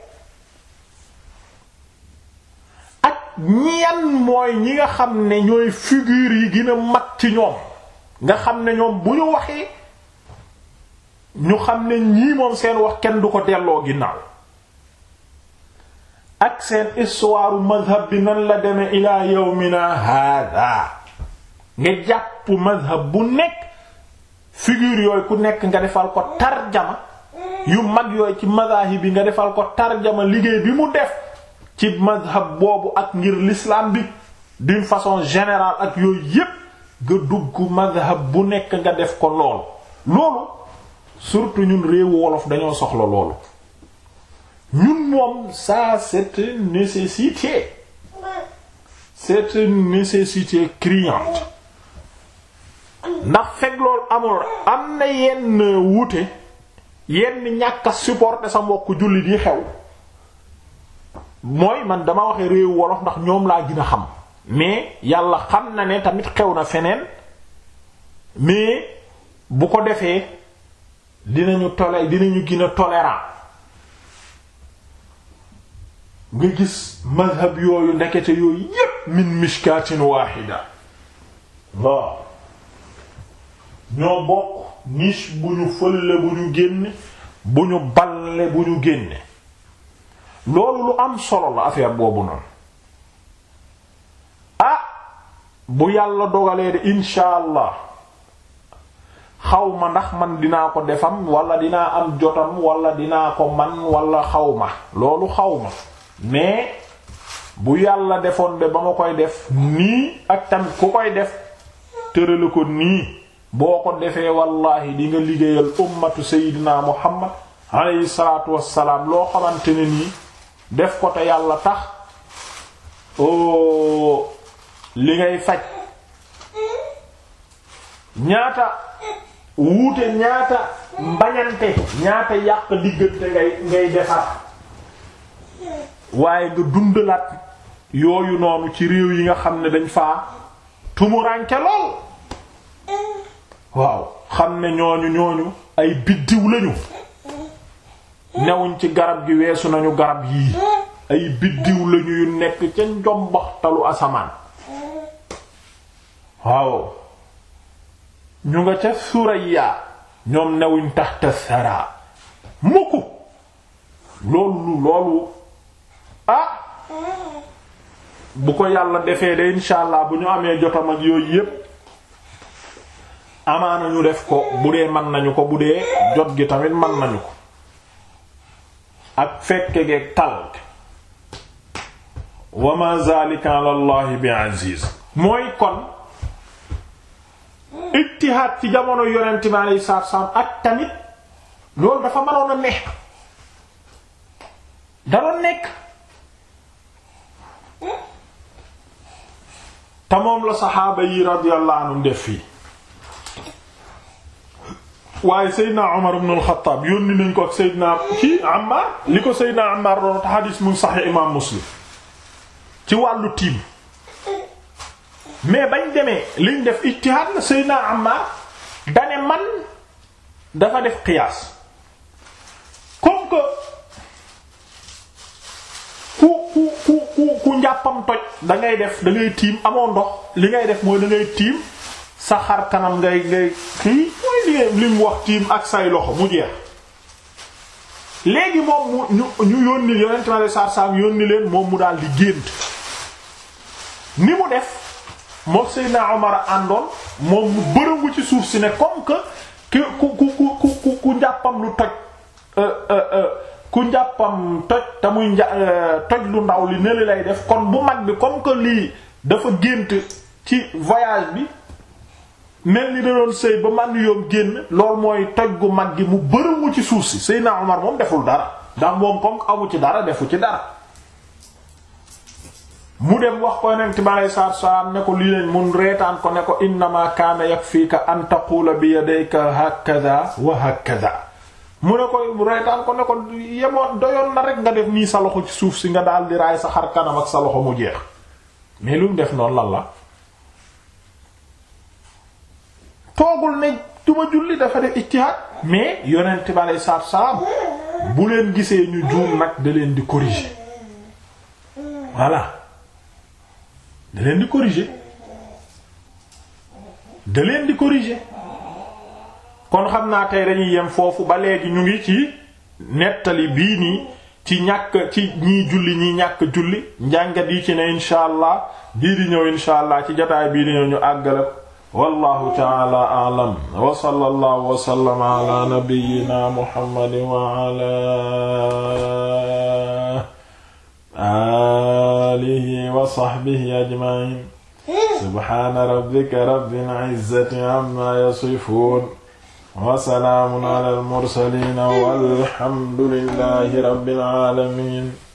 ak ñan mooy ñi nga xam ne ñooy figure yi gën a mag ci ñoom nga xam ne ñoom bu ñu waxee ñu xam ne ñii moom seen wax kenn du ko delloo ginnaaw ak seen histoire mazhab bi nan la deme ilaa yawmina hada nga jàpp mazhab bu nekk figir yooyu ku nekk nga defal ko tarjama yu mag yooyu ci mazahib bi nga defal ko tarjama liggéey bi mu def ci mazhab boobu ak ngir lislaam bi d'une façon générale ak yooyu yépp nga dugg mazhab bu nekk nga def ko lool loolu surtout ñun réewu wolof dañoo soxla loolu ñun moom ça c'est une nécessité c'est une ndax fekk loolu amul am na yenn wuute yenn ñàkk a supporter sa mbokk jullit yi xew mooy man dama waxe réew wolof ndax ñoom laa gin a xam mais yàlla xam na ne tamit xew na feneen mais bu ko defee dinañu tolé dinañu gën a tolérant nga gis mazhab yooyu ndekete yooyu yépp min mishkatin wahida waaw ñoo bokk niche bu ñu fëlle bu ñu génne bu ñu balle bu ñu génne loolu lu am solo la affaire boobu noonu ah bu yàlla dogalee de insha allah xaw ma ndax man dinaa ko defam walla dinaa am jotam walla dinaa ko man walla xaw ma loolu xaw ma mais bu yàlla defoon de ba ma koy def nii ak tamit ku koy def tërale ko nii boo ko defee wallaahi di nga liggéeyal ummatu seydina muhammad alayhi salaatu salaam loo xamante ne nii def ko te yàlla tax o oh, li ngay faj ñaata wuute ñaata mbañante ñaata yàq diggante ngay ngay defar waaye nga dundalaat yooyu noonu ci réew yi nga xam ne dañ faa tumuranke lool waaw xam ne ñooñu ñooñu ay biddiw lañu newuñ ci garab gi weesu nañu garab yii ay biddiw lañu yu nekk ca njomboxtalu asamaan waaw ñu nga ca suraya ñoom newuñ taxta sara mukku loolu loolu ah mm. bu ko yàlla defee de insha bu ñu amee jotam yooyu yépp amaana ñu def ko bu dee mën nañu ko bu dee jot gi tamit mën nañu ko ak fekke geeg tal wa ma zalika ala bi aziz mooy kon ittihaad ci jamono yonent bi alayhi salaatu ak tamit loolu dafa mënoon a ne daroon nekk te moom la saxaaba yi radiyallahu anhum def fii waaye Seydina Omar ibn al yónni nañ ko ak Seydina ci Ammar li ko Seydina Ammar doon xadis mu sax imaam Muslim ci wàllu tiim mais bañ demee liñ def ijtihaad la Seydina Ammar dane man dafa def qiyaas comme que ku ku ku ku ku njàppam toj da ngay def da ngay tiim amoo ndox li ngay def mooy da ngay tiim sa xar kanam ngay ngay kii li nga wax tiim ak say loxo mu jeex léegi moom mu ñu yónni yonent ma le saar-saam moom mu daal di gént ni mu def moom Seydina Omar àndoon moom mu bërëngu ci suuf si ne comme que ku ku ku ku ku njàppam lu toj euh, euh, euh, ku njàppam toj te muy toj lu ndaw li ne li lay def kon bu mag bi comme que lii dafa gént ci voyage bi mel ni da doon sëy ba man yoom génn loolu mooy toj gu mag gi mu bërëmu ci suuf si Seydina Omar moom deful dara ndax moom comme amu ci dara defu ci dara mu dem wax ko yonent bi aleyhi salaatu ne ko lii leen mun reetaan ko ne ko innama kaana yakfiika an taqula bi yadayka hakada wa hakada mu ne ko reetaan ko ne ko yemoon doyoon na rek nga def nii sa loxo ci suuf si nga daal di raay sa xar kanam ak sa loxo mu jeex mais lu mu def noonu lan la toogul ne duma julli dafa def ijtihaad mais yonent bi aleyhi salaatu salaam bu leen gisee ñu juum nag da leen di corriger voilà da leen di corriger da leen di corriger kon xam naa tey dañuy yem foofu ba léegi ñu ngi ci nettali bii nii ci ñàkk ci ñii julli ñii ñàkk julli njàngat yi ci ne incha bii di ñëw incha allah ci jotaay bii di ñëw ñu àggale wallahu taala alam wa sallallahu wa sallam ala nabiyyina muhammad wa ala alihi wa sahbihi ajma'in subhana rabbika rabbil izzati amma yasifun wa salaamun ala al mursalin walhamdulillahi rabbil alamin